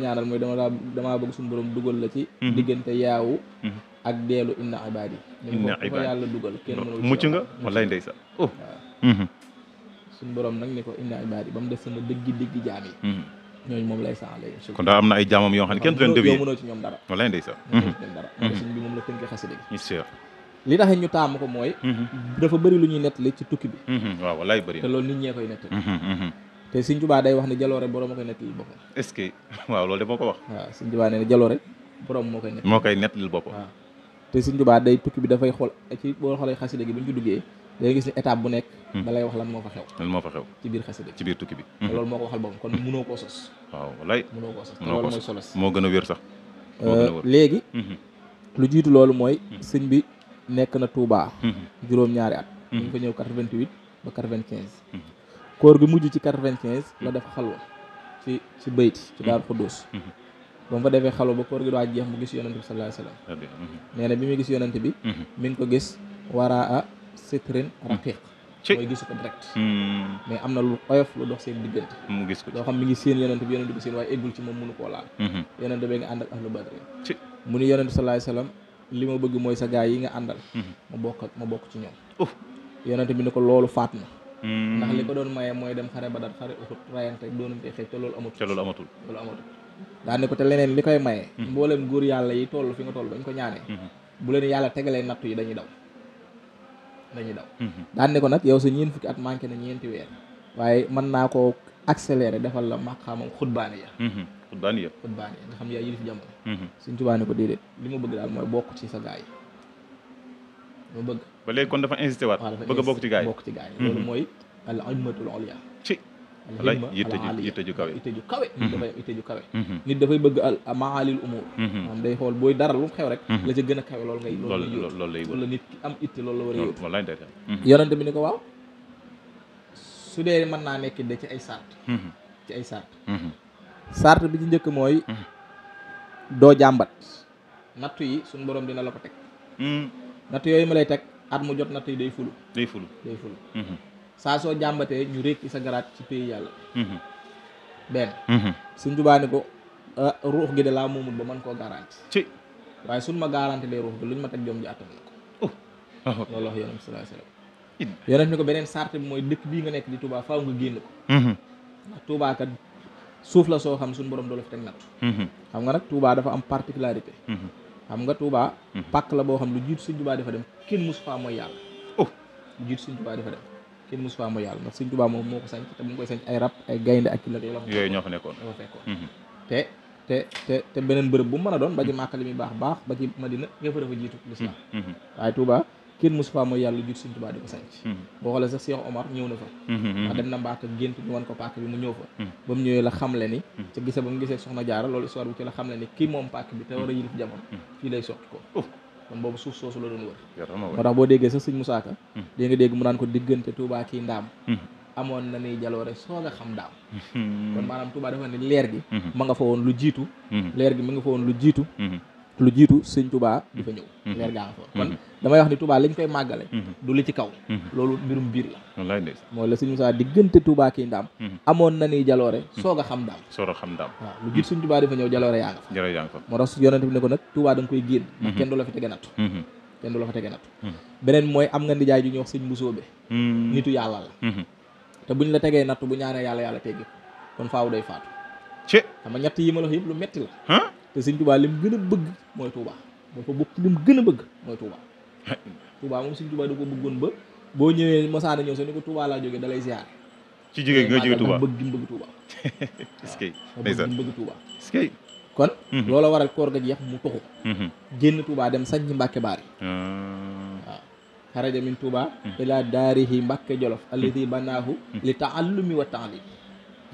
ñaanal mooy dama damaa bëgg suñu borom dugal la ci mm-hmm. diggante yaawu mm-hmm. ak deelu inna ibaadi inna ibaadi ko yàlla dugal kenn mënul mucc nga wallaay ndey oh. mm-hmm. ko ba mu des sama dëggi dëggi jaam yi mm-hmm. ñooñu moom lay saxale kon daa am na ay jaamam yoo xam ne kenn du leen dévier mënoo ci ñoom dara wallaay ndey sa mm-hmm. dara suñ bi moom la tënk xasida gi li tax ñu taamu ko mooy dafa bëri lu ñuy nettali ci tukki bi waaw wallaay bëri te loolu nit ñee koy nettali te Sëñ Tuubaa day wax ne jaloore borom koy nettali boppam est-ce que waaw loolu de moo ko wax waaw Sëñ Tuubaa nee jaloore borom moo koy nettali moo koy nettali boppam te Sëñ Tuubaa day tukki bi dafay xool ci boo xoolee xasida gi bu ñu ci duggee day gis ne étape bu nekk hmm. da wax lan moo fa xew lan moo fa xew ci biir xasida ci biir tukki bi hmm. loolu moo ko waxal boppam kon mënoo koo mooy solos euh, hmm. lu jiitu loolu mooy sëñ bi nekk na Touba juróom-ñaari at mu ngi fa ñëw 88 ba 95 koor gi mujj ci 95 la def xalwa ci ci bayti ci Daaru Xuddoos ba mu fa defee xalu ba koor gi daa jeex mu gis yonent bi sallallahu alayhi wasallam mhm. nee na bi muy gis yonent bi mhm. mi ngi ko gis waraa a mhm. raqiq mooy gisu ko direct hmm. mais am na lu oyof lu dox seen diggante mu gis ko loo xam mi ngi seen yonent bi yonent bi seen waaye eggul ci moom mënu koo laal yonent bi nga ànd ak ahlu mu ni yonent li ma bëgg mooy sa gaay yi nga àndal ma bokk ma bokk ci ñoom yonent bi ni ko loolu faat na hmm. ndax li ko doon maye mooy dem xare Badar xare Uhud rayante doonante xeex te te loolu amatul daan ko te leneen li koy maye hmm. mboolem góor yàlla yi toll fi nga toll bañ ko ñaanee hmm. bu leen yàlla tegalee nattu yi dañuy daw dañuy daw hmm. daan ne ko nag yow sa ñeen fukki at manqué na ñeenti weer waaye man naa ko accéléré defal la maqaamam xutbaani ya xutbaani ya xutbaani ya nga xam yi yaay yilif jamono suñ tubaani ko déedéet li ma bëgg daal mooy bokk ci sa gaay yi ma bëgg ba léegi kon dafa insisté waat bëgg a bokk ci gaay yi bokk ci gaay yi loolu mooy al walaay yitte ju yitte ju kawe yitte ju mhm. dafay am yitte ju kawe mhm. nit bëgg al maalil mhm. day xool booy dara lu mu xew rek la ca gën a kawe loolu ngay loolu loolu lay wala nit ki am itte loolu a yóbbu bi ni ko waaw su dee man naa nekk de ci ay sart ci ay sart sart bi ci njëkk mooy doo jàmbat nattu yi suñu borom dina la ko teg nattu yooyu ma lay teg at mu jot nattu yi day fulu day fulu day fulu saa soo jàmbatee ñu rekki sa garaat ci pays yàlla mhm. benn mhm. suñ jubaani ko ah, ruux gi de laa moomul ba mën koo garanti ci waaye suñ ma garante lay ruux gi lu ñu ma teg joom ji attan na ko oh. [laughs] loolu wax yonent ko beneen sart mooy dëkk bii nga nekk di Touba faaw nga génn ko mhm. ndax suuf la soo xam suñ borom doo la fi teg natt xam nga nag Touba dafa am particularité xam nga tuubaa pàkk la boo xam lu jiit suñ jubaa dafa dem kenn mosu faa mooy yàlla oh. lu jiitu suñ jubaa dafa dem kenn mosu faa mooy yàlla ndax sëñ Tuubaa moom moo ko sànc te mu ngi koy sànc ay rab ay gaynde ak kii la yooyu ñoo fa nekkoon mhm. te te te beneen bërëb bu mu mën a doon ba ci Màkka li baax baax ba ci Madina yëpp dafa jiitu lislaam mhm. mhm. waaye Tuubaa kenn mosu faa mooy yàlla jug sëñ Tuubaa di ko sànc boo xoolee sax Cheikh Omar ñëw na fa ndax dem na Mbaaka gént ñu wan ko pàkk bi mu ñëw fa ba mu ñëwee la xamle ni ca gise ba mu gisee soxna jaara loolu histoire bu ci la moom pàkk bi kon boobu suuf soosu la doon wër moo tax boo déggee sax sëñ Musaa Ka hmm. dee nga dégg mu naan ko diggante Touba kii ndaam hmm. amoon na ni jaloore soog a xam daaw hmm. kon maanaam Touba dafa ne leer gi ma nga fa woon lu jiitu leer gi ma nga fa woon lu jiitu lu jiitu sëñ Touba di fa mhm. ñëw mhm. leer gaa nga fa mhm. kon damay wax ni Touba lañ koy màggale du li ci kaw loolu mbirum biir la mooy la sëñ Moussa diggante Touba kii ndaam a a xam lu jiitu sëñ Touba di fa ñëw jaloore yaa nga fa jaloore yaa nga fa moo bi da nga koy génn ndax kenn du la fi tege natt kenn du la fa tege natt beneen mooy am nga nitu yàlla la te buñ la tegee natt bu ñaanee yàlla yàlla teggi kon faaw day faatu ci xam nga ñett yi lu metti la te sëñ Touba lim gën a bëgg mooy Touba dafa bokk lim gën a bëgg mooy Touba. Touba moom sëñ Touba da ko bëggoon ba boo ñëwee Masana ñëw sax ni ko Touba laa jógee da lay ci jóge nga jóge Touba bëgg gi bëgg Touba. [laughs] est-ce que ndeysaan bëgg Touba est-ce que kon mhm. loola waral koor ga jeex mu toxu mhm. génn Touba dem sañ ci Mbàkke Baari ah. waaw xaraja min Touba mhm. ila daarihi Mbàkke Jolof alladi banaahu li taallumi wa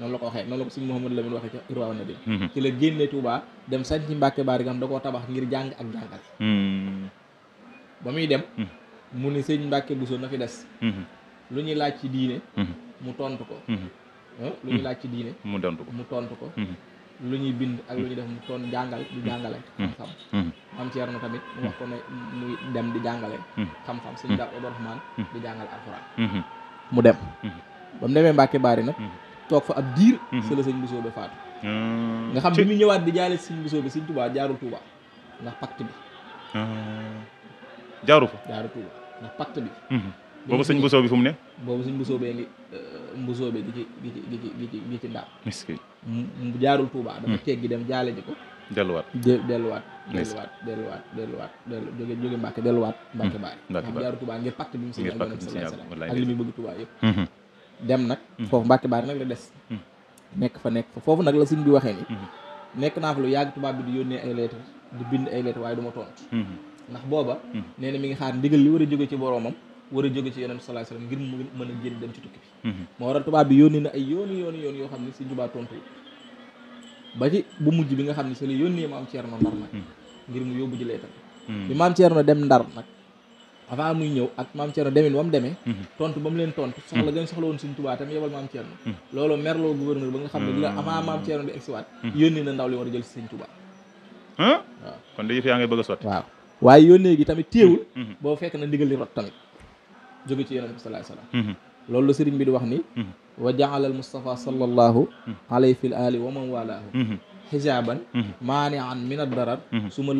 noonu la ko waxee noonu la ko sëñ Mouhamadou mhm. la génnee Touba dem sañ ci Mbàkke Baari nga xam koo tabax ngir jàng ak jàngale mhm. muy dem mhm. mu ni sëñ Mbàkke Bousso na fi des lu ñuy laaj ci diine mu ko lu ñuy ci diine mu tontu ko mu tontu ko ñuy bind ak lu ñuy def mu toon jàngale di jàngale xam-xam am Ceerno tamit mu dem di jàngale xam-xam sëñ Daam Abdu Rahmaan di jàngale alxuraan mu dem ba mu demee Mbàkke Baari nag toog fa ab diir sa la sëñ Bousso ba faatu ah. nga xam bi mu ñëwaat di jaale sëñ Bousso bi sëñ Touba jaarul Touba ndax pacte bi ah. jaaru fa jaaru Touba ndax pacte bi mhm. boobu sëñ Bousso bi fu mu ne boobu sëñ Bousso bee ngi eh, Bousso bi di ci di ci di ci di ci ndaam mu jaarul Touba dafa mhm. teggi dem jaale ji ko delluwaat delluwaat delluwaat delluwaat delluwaat jóge jóge Mbàkke delluwaat Mbàkke mhm. Baari Mbàkke Baari jaaru Touba ngir pacte bi mu sëñ ak li muy bëgg Touba yëpp dem nag hmm. foofu Mbàkke Baari nag la des hmm. nekk fa nekk fa foofu nag la sëñ bi waxee ni hmm. nekk naa fa lu yàgg tubaab bi di yónnee ay lettre di bind ay lettre waaye du ma tontu ndax booba nee na mi ngi xaar ndigal li war a jóge ci boroomam war a jóge ci yonent sallallahu alayhi wasallam ngir mën a génn dem ci tukki moo tubaab bi yónni na ay yooni yooni yoon yoo xam ne si Tuubaa tontu ba ci bu mujj bi nga xam ne sa la yónnee maam Ceerno Ndar nag ngir mu yóbbu ji lettre bi maam Ceerno dem Ndar nag avant muy ñëw ak maam Thierno demin ba mu demee mhm. tontu ba mu leen tontu mhm. soxla gën soxla woon suñ tubaa tam yebal maam Thierno mhm. loolu merloo gouverneur ba nga xam ne dina avant maam Thierno di egsiwaat yónni na ndaw li war a jël si sëñ tubaa waaw kon de yëf yaa ngay bëgg a sotti waaw waaye yónnee gi tamit téewul boo fekk na ndigal li rot tamit jóge ci yonent bi salaay salaam loolu la sëriñ bi wax ni wa jaala al mustafa sallallahu alayhi fi l ali wa man walaahu xijaaban maanian min ad darar su ma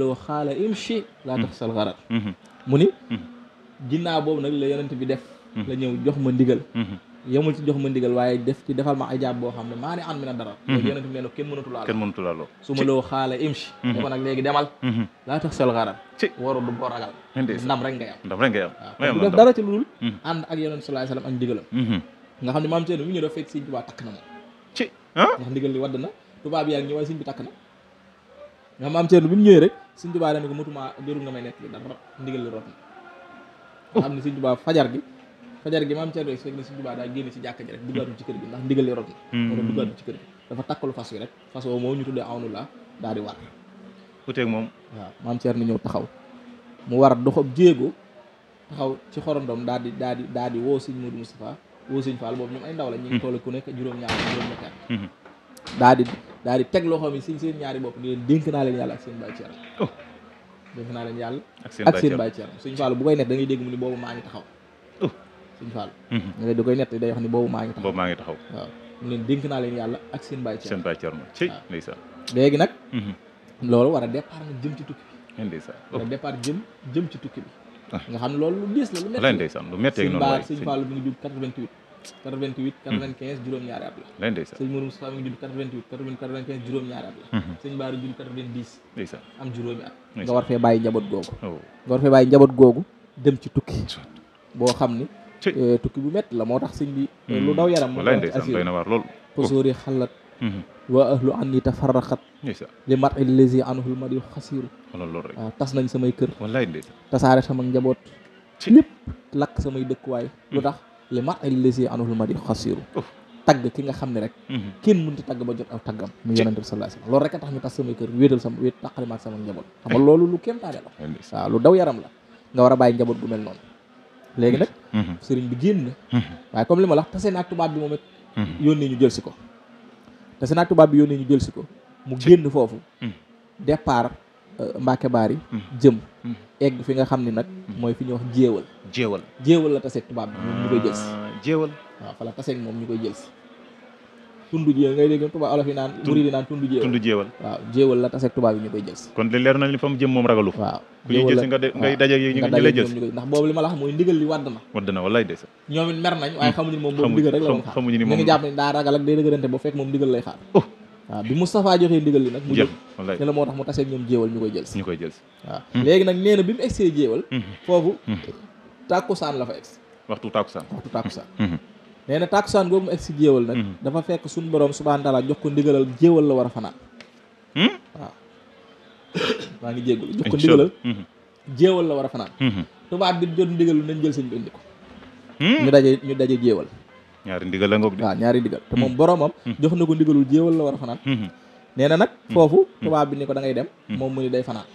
ginnaaw boobu nag la yonent bi def mhm. la ñëw jox ma ndigal mhm. yemul ci jox ma ndigal waaye def ci defal ma ajaab boo xam ne maa ni an mi na dara mhm. léegi yonent bi nee na kenn mënatu laa kenn mënatu laa loo su ma loo xaala imshi dama nag léegi demal laa tax sel xaral ci waru du ko ragal ndam rek nga yam xam ne maam seen mi ñu def fekk sëñ Tuubaa ah? yaa ngi ñëwaay sëñ bi takk bi mu ñëwee rek sëñ Tuubaa dana ko matumaa jëru nga may nekk dara ndigal li rot na am na ne sëñ fajar gi fajar gi maam Thierno fekk na sëñ jubaa daa génn ci jàkka ji rek duggaatu ci kër bi ndax ndigal li rot hmm. na wala duggaatu ci kër gi dafa takkalu fas wi rek fas woo moo ñu tuddee awnu la daa di war uteeg moom waaw maam Thierno ñëw taxaw mu war doxab jéego taxaw ci xorondom daal di daal di daal di woo sëñ Modou Moustapha woo sëñ Fall boobu ñoom ay ndaw la ñu ngi hmm. toll ku nekk juróom-ñaar hmm. daal di daal di teg loxoom yi sëñ seen ñaari bopp di leen dénk naa leen yàlla ak seen bàyyi Thierno oh. def naa leen yàlla ak seen bàyyi ceer faalu bu koy net da ngay dégg mu ni boobu maa ngi taxaw oh. suñ faalu mhm. nga da koy net day wax ni boobu maa ngi taxaw boobu maa ngi taxaw waaw mu leen dénk naa leen yàlla ak seen bàyyi ceer seen bàyyi mhm. a départ nga jëm ci tukki eh, a oh. départ jëm jëm ah. loolu lu diis la lu metti bu lu metti noonu suñ faalu mi 88 95 hmm. juróom-ñaari at la sëñ Mourou Moustapha mi ngi judd 88 88 95 juróom-ñaari at la hmm. sëñ Baara judd 90 ndeysaan am juróomi at nga war fee bàyyi njaboot googu oh. nga war fee bàyyi njaboot googu dem ci tukki boo xam ni euh, tukki bu métti la moo tax sëñ bi euh, lu hmm. daw yaram mo doy na waar lool posóori xalat waa ahlu an ni tafarraqat li mat il lesi anhul madi xasiiru waaw tas nañ samay kër tasaare sama njaboot lépp lakk samay dëkkuwaay lu tax li ma ay lisi anul madi xasiru tagg ki nga xam ne rek mhm. kenn mënut a tagg ba jot aw taggam mu yonent bi sallallahu alayhi wasallam loolu rek a tax ñu tas sama kër wéetal sama wéet taqali maag sama njaboot xam loolu lu kéemtaane la lu daw yaram la nga war a bàyyi njaboot gu mel noonu léegi nag mhm. sëriñ bi génn mhm. waaye comme li ma lax wax tase naag tubaab bi moom it yónnee ñu jël si ko tase naag tubaab bi yoon ne ñu jël si ko mu génn foofu départ euh, Mbacke Bari jëm egg fi nga xam ni nag mhm. mooy fi ñuy wax jéewal jéewal jéewal la taseeg tubaab bi ñu koy jël kon li leer na ni fa jëm moom ragalu waaw nga ngay yi ñu lay jël ndax boobu li ma la wax mooy ndigal li wadd na wadd na wallaay de ñoom it mer nañ waaye xamuñu ni moom boobu ndigal rek la doon xaar xamuñu ngi jàpp ni daa ragal ak day dëgërante ba fekk moom ndigal lay xaar oh. waaw ah, bi Moustapha joxee ndigal li nag mu jóg ne la moo tax mu taseeg ñoom jéewal ñu koy jël si ñu koy jël si waaw ah. hmm. léegi nag nee na bi mu egsee jéewal hmm. foofu hmm. tàkkusaan la fa egsi waxtu tàkkusaan waxtu tàkkusaan nee na tàkkusaan boobu mu egsi jéewal nag dafa fekk suñu borom subhaana taala jox ko ndigalal jéewal la war a fanaan waaw ah. [coughs] maa ngi jéggul jox ko ndigalal jéewal la war a fanaan tubaab bi jot ndigalu nañ jël sëñ bi indi ko ñu daje ñu daje jéewal ñaari ndigal la ngoog de waaw ñaari ndigal te moom hmm. boromam hmm. jox na ko ndigalul jéewal la war a fanaan hmm. nee na nag foofu tubaab bi ni ko da ngay dem moom mu ni day fanaan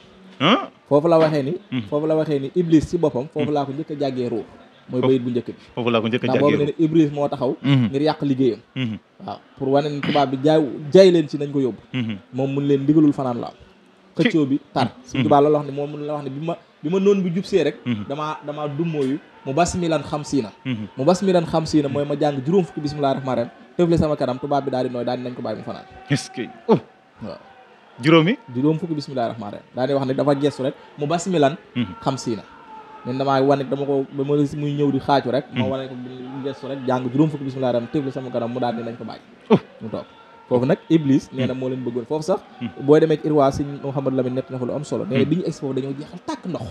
foofu la waxee ni foofu la waxee ni iblis ci boppam foofu laa ko njëkk a jàggee ruux mooy bayit bu njëkk ko njëkk moo taxaw pour wane ni tubaab bi jaay jaay leen ci nañ ko yóbbu moom mun leen ndigalul fanaan la am bi tar suñ tubaab loolu wax ne la wax ne bi ma bi ma noon bi jub see rek damaa damaa dummóoyu mu bas milan xam siina mhm. mu bas milan xam siina mooy ma jàng juróom fukki bismillah a rahim tëfle sama kanam tubaab bi daal di nooy daal di nañ ko bàyyi mu fanaan est-ce que oh waaw juróomi juróom fukki bismillah wax ne dafa gestu rek mu bas milan mhm. xam siina nen damaa wane dama ko ba ma muy ñëw di xaacu rek ma mhm. wane ko gestu rek jàng juróom fukki bismillah rahmaan tëfle sama kanam mu daal di nañ ko bàyyi oh. mu toog foofu nag Iblis nee na moo leen bëggoon foofu sax booy demee ci Irwa si Mouhamadou Lamine nett na fa lu am solo nee bi ñu expo dañoo jeexal tàkk ndox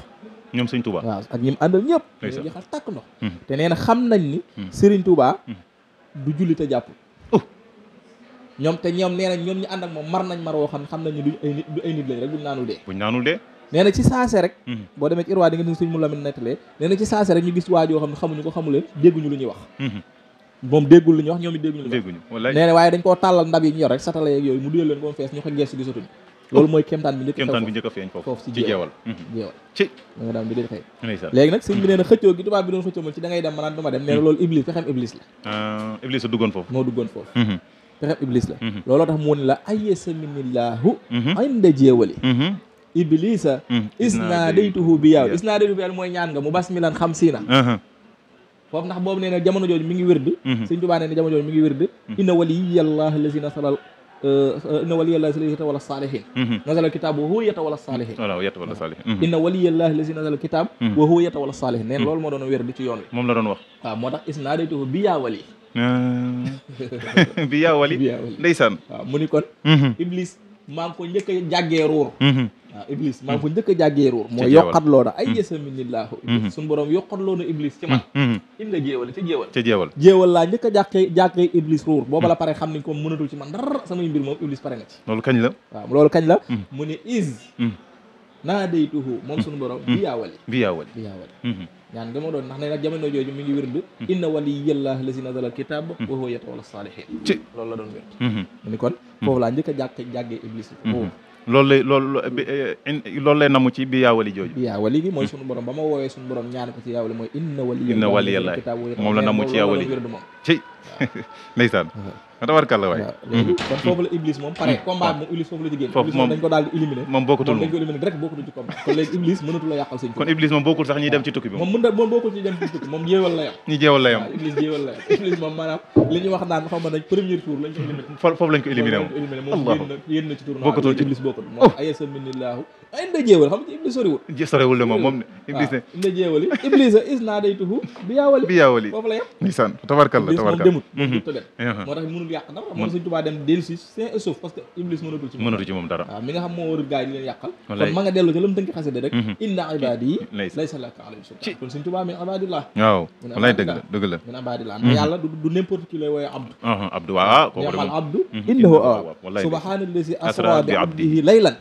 ñoom sëñ Touba waaw ak ñi mu àndal ñëpp ñi xar tàkk ndox hmm. te nee na xam nañ ni hmm. sëriñ Touba hmm. du julli jàpp oh. ñoom te ñoom nee nañ ñoom ñu ànd ak moom mar nañ mar woo xam ne xam nañ ni du ay nit du rek buñ saase rek ñu gis waajoo xam ne xamuñu ko xamuleen dégguñu lu ñuy wax moom déggul lu ñuy wax ñoom it dégguñu lu ñuy wax nee waaye dañ koo tàllal ndab yi ñu yor rek satala yeeg yooyu mu duyal leen ko mu fees ñu ko geesu gisatuñ loolu mooy kéemtaan bi njëkk kéemtaan bi njëkk a feeñ foofu ci jeewal jeewal mhm. ci da nga daan bi déet xëy léegi nag sëñ bi nee na mhm. xëccoo gi tubaab bi doon xëccoo ci dem manaan dem nee loolu iblis fexem iblis la euh, iblis a duggoon foofu moo duggoon foofu fexem mhm. tax mu ne la ayyesa minillahu inda jeewali iblisa isnaadaytuhu bi yaaw isnaadaytuhu bi yaaw mooy ñaan nga mu bas milan xam siina ndax boobu nee jamono jooju mi ngi wérd sëñ tubaa nee na jamono jooju mi ngi wérd inna wali yallah lazina salal inna waliyallaahi lazi yatawalla saalihiin nazala kitaab wa huwa yatawalla saalihiin waaw yatawalla saalihiin inna waliyallaahi lazi nazala kitaab wa huwa yatawalla saalihiin neen loolu moo doon wér di ci yoon wi moom la doon wax waaw ah, moo tax isnaadaytuhu bi yaa wali [laughs] bi wali ndeysaan waaw ah, iblis maa ko njëkk a ruur waaw ah, iblis maa bu njëkk a jàggee ruur mooy yokkatloo na ay mm. yësami nillaahu mm-hmm. iblis suñu borom yokkatloo na iblis ci man mm-hmm. mm-hmm. in la jéewale a jàkkee ci man ci loolu ma doon ndax ne nag jamono jooju mi ngi wérdu inna waliyallah lazi nazala alkitab wa huwa yatawalla salihin la doon wérdu mu ni kon foofu laa njëkk a iblis ruur loolu lay loolu eh, loolu lay namu ci bi yaa wali jooju bi yaa wali gi mooy sunu borom ba ma woowee sunu borom ñaan ko ci yaa wali mooy inna wali inna wali yàlla moom la namu ci yaa wali [laughs] ndeysaan ma tabarkàlla waay mhm. kon foofu la Iblis moom pare mhm. combat moom Iblis foofu la jigéen Iblis moom dañ mënatul la yàqal sëñ kon la yam moom maanaam li ñu wax naan xaw ma nañ premier tour lañ ko éliminer foofu moom yéen na ci tour bokkutul ci Iblis bokkul moom oh. ayesa minillahu ah inda jéewal xam nga iblis soriwul. soriwul de moom moom ah, iblis ne. inda jéewal yi iblis is naa day tuhu bi yaawali bi yaawali foofu la yem. ndeysaan tabarkalla tabarkalla iblis moom demut. Mhm. [laughs] Uh-huh. moo tax mënul yàq dara moom suñ tubaa dem dellu si sain et sauf parce que iblis mënatul ci moom mënatul ci moom dara waaw ah, mi nga xam moo warul gars yi ñu leen yàqal kon ma nga dellu ca la mu tënk xasida rek mhm. inna ibaadi yi laysa laka alayhim sultaan kon suñ tubaa min abadillah waaw wallaay dëgg la dëgg la min abadillah ndax mhm. yàlla du n'importe qui lay wooye abdu uh-huh, abdu waaw ah, kooku abdu innahu awaab subhaanallazi asra bi abdihi laylan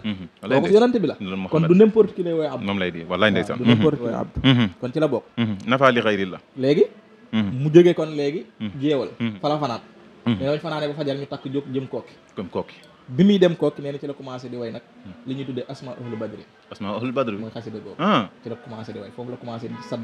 kooku yonante bi la kon du n'importe qui lay wooy abdu moom lay di wallaay ndeysaan du n'importe qui mm-hmm. lay abdu mm-hmm. kon ci la bokk mm-hmm. nafa li xayri la léegi mu jógee kon léegi jeewal fa la fanaat mais dañ fanaanee ba fajar ñu takk jóg jëm kooki jëm kooki bi muy dem kooki nee na ci la commencé di way nag li ñuy tuddee asma ahlu badri asma ahlu badri mooy xasida googu ah. ci la commencé di way foofu la commencé di sadd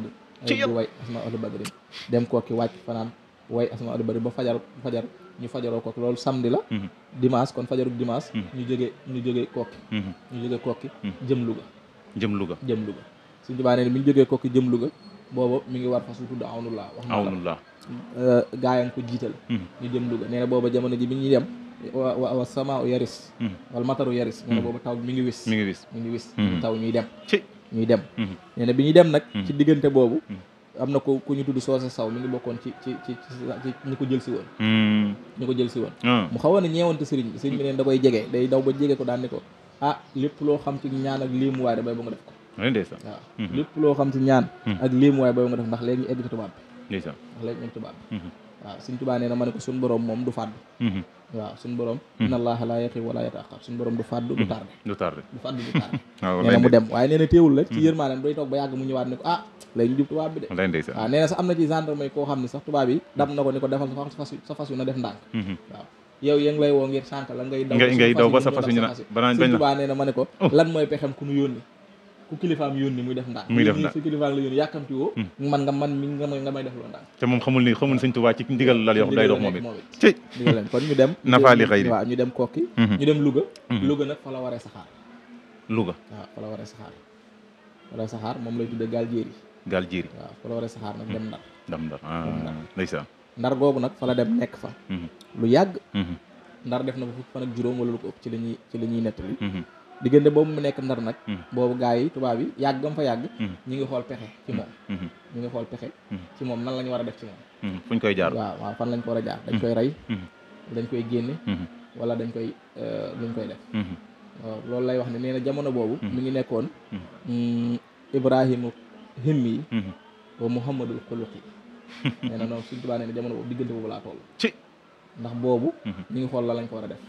di way asma ahlu badri dem kooki wàcc fanaan way asma ahlu badri ba fajar fajar ñu fajaroo kokki loolu samedi la mhm. dimanche kon fajarug dimanche mhm. ñu jóge ñu jóge kokki mhm. ñu jóge kokki jëm Louga jëm Louga jëm Louga suñu tubaa nee ñu jógee kokki jëm Louga booba mi ngi war fas wu tudd awnullaa wax awnullaa euh, gaayan ko jiital ñu jëm Louga nee booba jamono ji bi ñuy dem wa sama yaris wala mataru yaris nee na taw mi ngi wis mi ngi wis mi ngi wis taw ñuy dem bi ñuy dem nag ci diggante boobu am na ko ku ñu tudd Soose Saw mi ngi bokkoon ci ci ci ci ko jël si woon hmm. ko jël si woon ah. mu xawoon a ñeewante sëriñ bi sëriñ bi neen da koy jege day daw ba jege ko daan ni ko ah lépp loo xam ci ñaan ak lii mu waay da bay ba nga def ko ah, ndeysaan waaw hmm. lépp loo xam ci ñaan hmm. ak lii mu bay ba nga def ndax léegi ñu egg ci ndax léegi ñu egg tubaab waaw suñ tubaa nee ma ne ko suñ borom moom du fàdd mhm. waaw suñ borom mhm. inna allaha la yaqi wala yataqar suñ borom du fàdd du mhm. tardé du tardé du fàdd du tardé [laughs] nee na mu dem waaye nee téewul rek ci yërmaaneem ba yàgg mu ñëwaat ne ko ah lay ñu tubaab bi de waaw sax am na ci gendarme yi koo xam ne sax tubaab bi dam na ko ni ko defal sa fas yu na def ndànk waaw yow yéen lay woo ngir sànk la ngay daw ba sa fas yu na ma ne ko oh. lan mooy pexem ku ku kilifaam yónni muy def ndànk muy def ndànk su kilifaam la yónni yàkkamti woo hmm. man nga man mi nga nga may def loo ndànk te moom xamul ni xamul sëñ Tuubaa ci ndigal la yox day dox moom it ci ndigal kon ñu dem [laughs] nafaali xëy waaw ñu dem kokki hmm. ñu dem luga hmm. luga nag fa la waree saxaar Louga waaw fa la waree saxaar la saxaar moom lay tuddee gaal jéeri gaal jéeri waaw fa la waree saxaar nag dem ndar dem ndar ah, ndeysaan ndar googu nag fa la dem nekk fa lu yàgg ndar def na ba fukk fan ak juróom wala lu ko ci la ñuy ci la ñuy nettali diggante boobu mu nekk ndar nag hmm. boobu gaa yi tubaab yi yàgg gam fa yàgg hmm. ñu ngi xool pexe ci moom hmm. ñu ngi xool pexe ci moom nan la ñu war a def ci moom fuñ koy jaar waaw waaw fan lañ ko war a jaar dañ koy rey dañ koy génne wala dañ koy euh, luñ koy def loolu lay wax ne nee na jamono boobu mu ngi nekkoon Ibrahima himmi yi wa Muhammadul xuluqi [laughs] nee na noonu suñ tubaab nee na jamono boobu diggante boobu laa toll ci ndax boobu ñu ngi xool la lañ ko war a def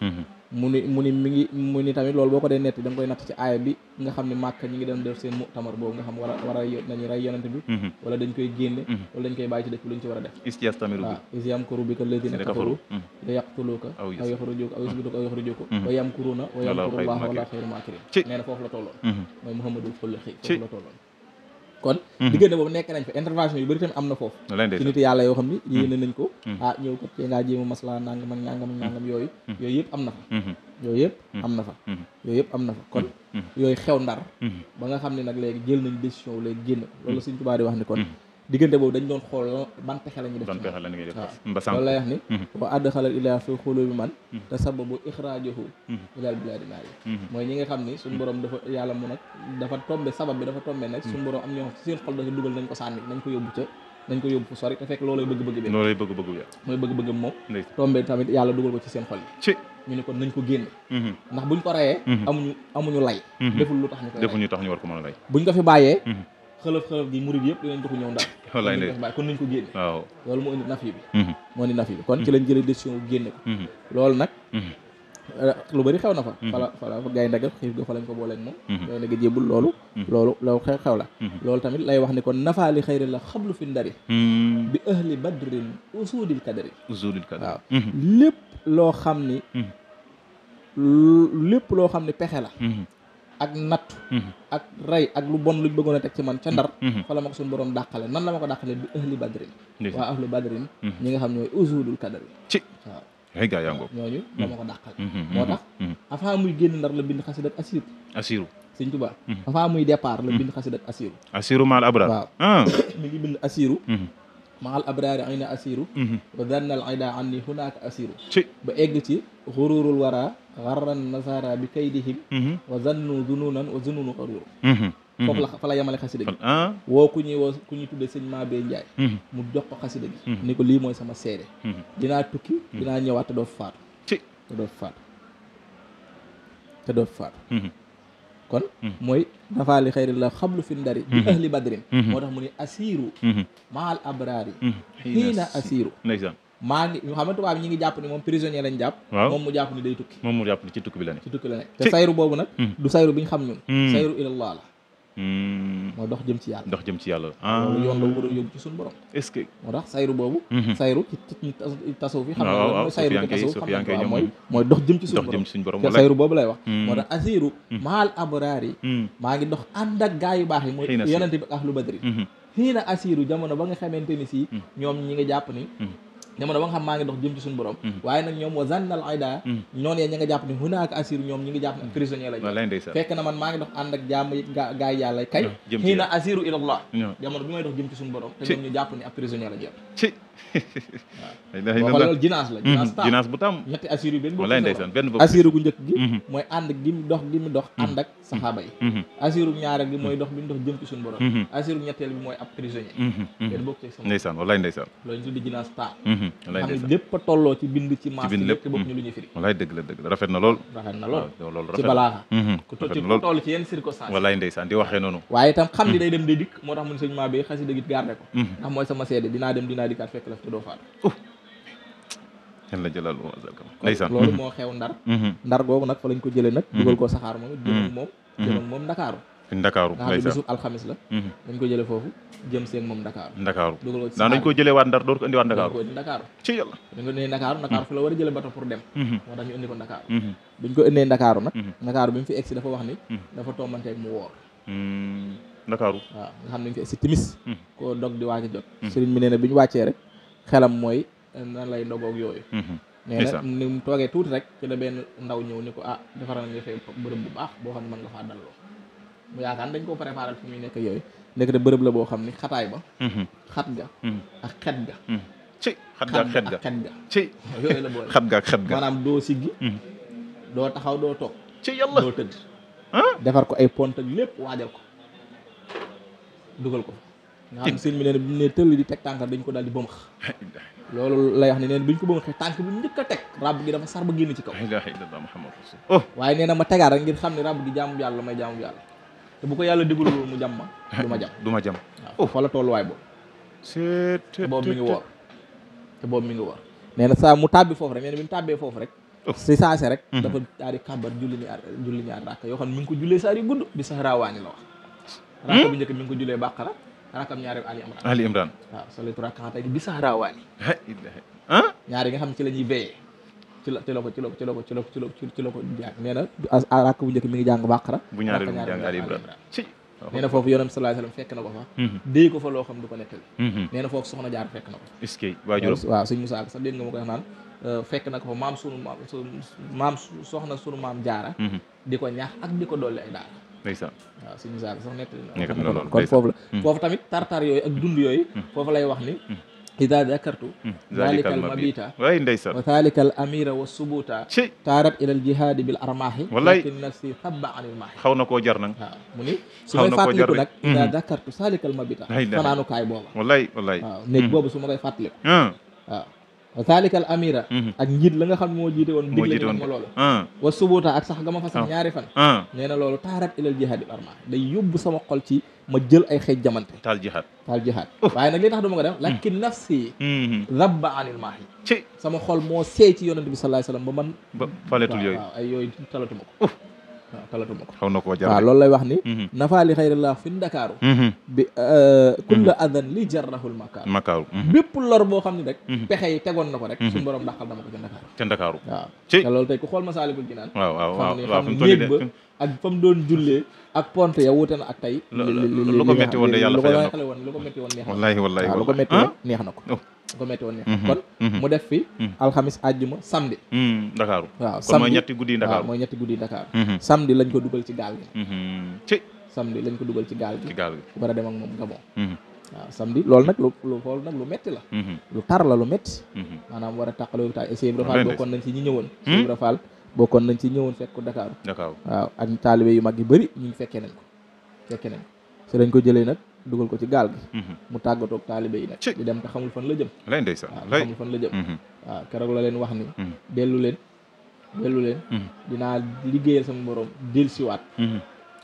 mu ni mu mi ngi mu ni tamit loolu boo ko dee netti da koy natt ci aaya bi nga xam ne màkk ñi ngi dem def seen mutamar boobu nga xam war a war a dañuy rey yonent bi mm-hmm. wala dañ koy génne mm-hmm. wala dañ koy bàyyi ci dëkk bi luñ ci war a def is yastamiru waaw is yamkuru bika alladina kafaru la mm-hmm. yaqtuluka aw yaxrujuka aw yusbituka aw yaxrujuka wa yamkuruna wa yamkuru llahu wala xayru makirin nee na foofu la tolloon mooy Muhammadul xulli xi foofu la tolloon kon mhm. diggante boobu nekk nañ fa intervention yu bëri tamit am na foofu ci nit yàlla yoo xam ni yéene mhm. nañ ko mhm. ah ñëw kat kee ngaa jéema masla nangam ak nangam ak yooyu yooyu yëpp am na fa yooyu yëpp am na fa yooyu yëpp am na fa kon yooyu xew ndar ba nga xam ne nag léegi jël nañ décision léegi génn loolu suñ tubaab di wax ni kon diggante boobu dañ doon xool ban pexe la ñuy def. ban pexe la ñuy def ba sànq loolu lay wax ni. Mhm. wa àdd xalal ilaa fi xulubi man. Mhm. te sababu ixraajuhu mhm. ilal bilaadi maa yi. mooy ñi nga xam am ñoo xam ko nañ ko yóbbu ca. nañ ñu ko génn. amuñu lay. deful lu tax na koy deful ñu tax ñu war ko mën lay. buñ ko fi bàyyee. xëlëf xëlëf gi murid yëpp dinañ doxu ñëw ndax ko génne waaw loolu moo indi nafi bi mhm. moo indi nafi bi kon ci mhm. lañ jëlee décision bu génne ko mhm. loolu nag eh, lu bëri xew na fa fala fala gaay ndaga xiif ga fa lañ ko booleeg moom gaay ndaga jébul loolu loolu loolu xew xew la loolu tamit lay wax ni kon nafaali xayri la xablu fi ndari bi ahli badrin usudil kadari usudil kadari waaw lépp loo xam ni lépp loo xam ni pexe la ak natt mhm. ak rey ak lu bon luñ bëggoona teg ci man ca ndar mhm. fa la ma ko suñu borom dàqale nan la ma ko dàqale bi ahli badrin waa ahlu badrin mhm. ñi nga xam ñooy usudul kadari ci waaw ay gaa yaa ngoog ñooñu la ma ko dàqale moo tax a muy génn ndar la bind xasida asiru asiru muy départ la bind xasida asiru asiru maal abrar waaw ah. [coughs] mi ngi bind asiru maal abraari ayna asiru wa dannal ida anni hunaaka asiru ba egg ci xururul wara xarran nasara bi kaydihim wa zannu zununan wa zununu xurur foofu la fa la yemale xasida gi woo ku ñuy woo ku ñuy tudde sëñ Mabé mu jox ko xasida gi ni ko lii mooy sama seede dinaa tukki dinaa ñëwaat te doo faatu te doo faatu faatu kon hmm. mooy nafaali xayrilla xablu fi ndari bi hmm. ahli badrin hmm. moo tax mu ne asiiru maal abraari xiina asiiru ndeysaan maa ñu xam ne tubaab ñi ngi jàpp ni moom prisonnier lañ jàpp waaw moom mu jàpp ni day tukki moom mu jàpp ni ci tukki bi la ne ci tukki la ne te sayru boobu nag du sayru bi xam ñun sayru ilallah la Hmm. mooy dox jëm ci yàlla dox jëm ci yàlla loolu ah. yoon la war a yóbbu ci suñu borom est-ce que moo tax sayru boobu mhm. sayru ci tasaw fi xam nga sayru ci tasaw xam nga mooy mooy dox jëm ci suñu borom dox jëm ci suñu borom te sayru boobu lay wax hmm. moo tax asiru hmm. maal abraar yi maa ngi dox ànd ak gaa yu baax yi mooy yonente bi ahlu badri xii na jamono ba nga xamante ni si ñoom ñi nga jàpp ni jamono ba nga xam maa ngi dox jëm ci borom hmm. waaye nag ñoom wa zannal ayda noonu hmm. yee ñi nga jàpp ne hunaaka asiru ñoom ñi ngi jàpp ne prisonnier lañu fekk na man maa ngi dox ànd ak jaamu gaay yàlla kay xiina hmm. asiru ilallah jamono bi may dox jëm ci borom ñoom ñu jàpp ne ab prisonnier la jëm [laughs] waaw loolu ginaas la ginaas mhm, taam ginaas bu taam ñetti mhm. a dëgg la dëgg la rafet na lool rafet na lool ci balaaxa mhm. ku toll ci yenn circonstance walaay ndeysaan di waxee noonu waaye itam xam ni day dem day dikk moo tax mun sëñ maa bi xasi dëggit garde ko ndax mooy sama seede dinaa dem dinaa dikkaat fekk def te doo faatu. loolu mhm. moo xew ndar. Mhm. ndar googu nag fa lañ ko jëlee nag. dugal mhm. ko saxaar moom la. dañ ko jëlee foofu jëm seeg moom ndakaaru. ndakaaru dugal ko ci saxaar dañ ko jëlee waat ndar door ko indi waat ndakaaru. door ko indi ndakaaru. ci yàlla dañ ko indee ndakaaru ndakaaru fu la war a jëlee bato pour dem. moo tax ñu indi ko ndakaaru. buñ ko indee ndakaaru nag. ndakaaru bi mu fi egsi dafa wax ni. dafa tombanteeg mu woor. Mm, ndakaaru waaw nga xam ne fi egsi timis. koo dog di waaj a jot. sëriñ bi nee na bi ñu wàccee rek xelam mooy nan lay dogoog yooyu mhm. mais nag ni mu toogee tuuti rek ci la benn ndaw ñëw ni ko ah defaral nga fee bërëb bu baax boo xam ne mën nga faa dalloo mu yaakaar dañ koo préparer fi muy nekk yooyu nekk de bërëb la boo xam ni xataay ba xat ga ak xet ga ci xat ga ak xet ga xet ga ci yooyu la boole xat ga ak xet ga maanaam doo siggi mhm. doo taxaw doo toog ci yàlla doo tëdd ah? defar ko ay pont ak lépp waajal ko dugal ko nga xam ne sëriñ bi nee na bi mu tëll di teg tànkam dañ ko daal di bëmax [laughs] loolu lay wax ne nee na bi ñu ko bëmaxee tànk bi mu njëkk a teg ràbb gi dafa sar ba génn ci kaw oh. waaye nee na ma tegaat rek ngir xam ne ràbb gi jaamu yàlla la may jaamu yàlla te bu ko yàlla déglu loolu mu jàmm ma ma jàmm du ma jàmm [laughs] waaw la tolluwaay boobu te boobu mi ngi woor te boobu mi ngi woor nee na saa mu tàbbi foofu rek nee na bi mu tàbbee foofu rek oh. si saase rek mm-hmm. dafa daal di kàbbar julli ñaar julli ñaar yoo xam ne mi ngi ko jullee saar yu gudd bi sax raawaani la wax hmm? rakk bi njëkk mi ngi ko jullee bàqara rakam ñaari Ali Imran Ali Imran waaw salatu rak'atayn bi xam ci la ñuy béyee ci la ci la ko ci la ko ci la ko ci la ko ci la ko mi ngi jàng bàqara bu ñaari mu jàng Ali Imran ci nee na foofu yonent bi sallallahu alayhi wasallam fekk na ko fa mhm. déy ko fa loo xam du ko nettali mhm. nee foofu soxna fekk na ko est-ce que ma koy naan euh, fekk na ko fa maam sunu maam jaara mhm. di ko ñaax ak di ko dolli ay daara ndeysaan waaw suñu saal sax nett na kon foofu la hmm. foofu tamit tartar yooyu ak dund yooyu hmm. foofu lay wax ni hmm. ida dakartu zalikal mabita waay ndeysaan wa zalikal amira wa subuta taarat ilal jihaadi bil armaahi lakin nafsi tabba anil maahi xaw na koo jar nag waaw mu ni su may fàttaliku nag ida dakartu zalikal booba su ma koy fàttaliku waaw zaalikal amira mhm. ak njiit la nga xam moo jiite woon digle bi ma loolu ah. wa subuta ak sax ga ma fa sax ah. ñaari fan ah. nee na loolu taarat ilal jihaad il day yóbbu sama xol ci ma jël ay xeej jamante taal jihaad taal jihaad waaye nag li tax du ma ko def mhm. lakin nafsi mhm. rabba anil maahi ci sama xol moo seey ci yonent bi sallallahu alayhi wasallam ba man faletul yooyu ay yooyu talatuma ko waaw talatuma ko xaw na koo jar waaw loolu lay wax ni mhm. nafaali xayrillah fi ndakaaru mhm. bi euh, kulla mhm. adan li jarrahul makaaru makaaru bépp lor boo xam ne rek pexe tegoon na ko rek suñu borom dàqal dama ko ca ndakaaru ca ndakaaru waaw te loolu tey ku xool masaalikul jinaan waaw waaw waaw xam ne néeg ba ak fa mu doon jullee ak ponte ya wuute na ak tey lu ko metti woon de yàlla fayal na ko lu ko metti woon neex wallaahi wallaahi lu ko metti woon neex na ko lu ko metti woon neex kon mu def fi alxamis àjjuma samedi Dakar waaw kon lañ ko dugal ci gaal gi ci samedi lañ ko dugal ci gaal gi ci gaal gi war a dem ak moom Gabon waaw samedi loolu nag lu lu loolu nag lu metti la lu tar la lu metti maanaam war a tàqaloo taal Cheikh Ibra Fall bokkoon nañ ci ñi ñëwoon Cheikh Ibra bokkoon nañ ci ñëwoon fekk ko Dakar. Dakar waaw ak taalibe yu mag yi bëri ñu fekkee nañ ko fekke nañ ko si dañ ko jëlee nag dugal ko ci gaal gi. Mhm. mu tàggatoo ak taalibe yi nag. di dem te xamul fan la jëm. lay ndeysaan lay la jëm. Mhm. waaw keroog la leen wax ni. Mhm. dellu leen dellu leen. dinaa liggéeyal sama borom dellusiwaat.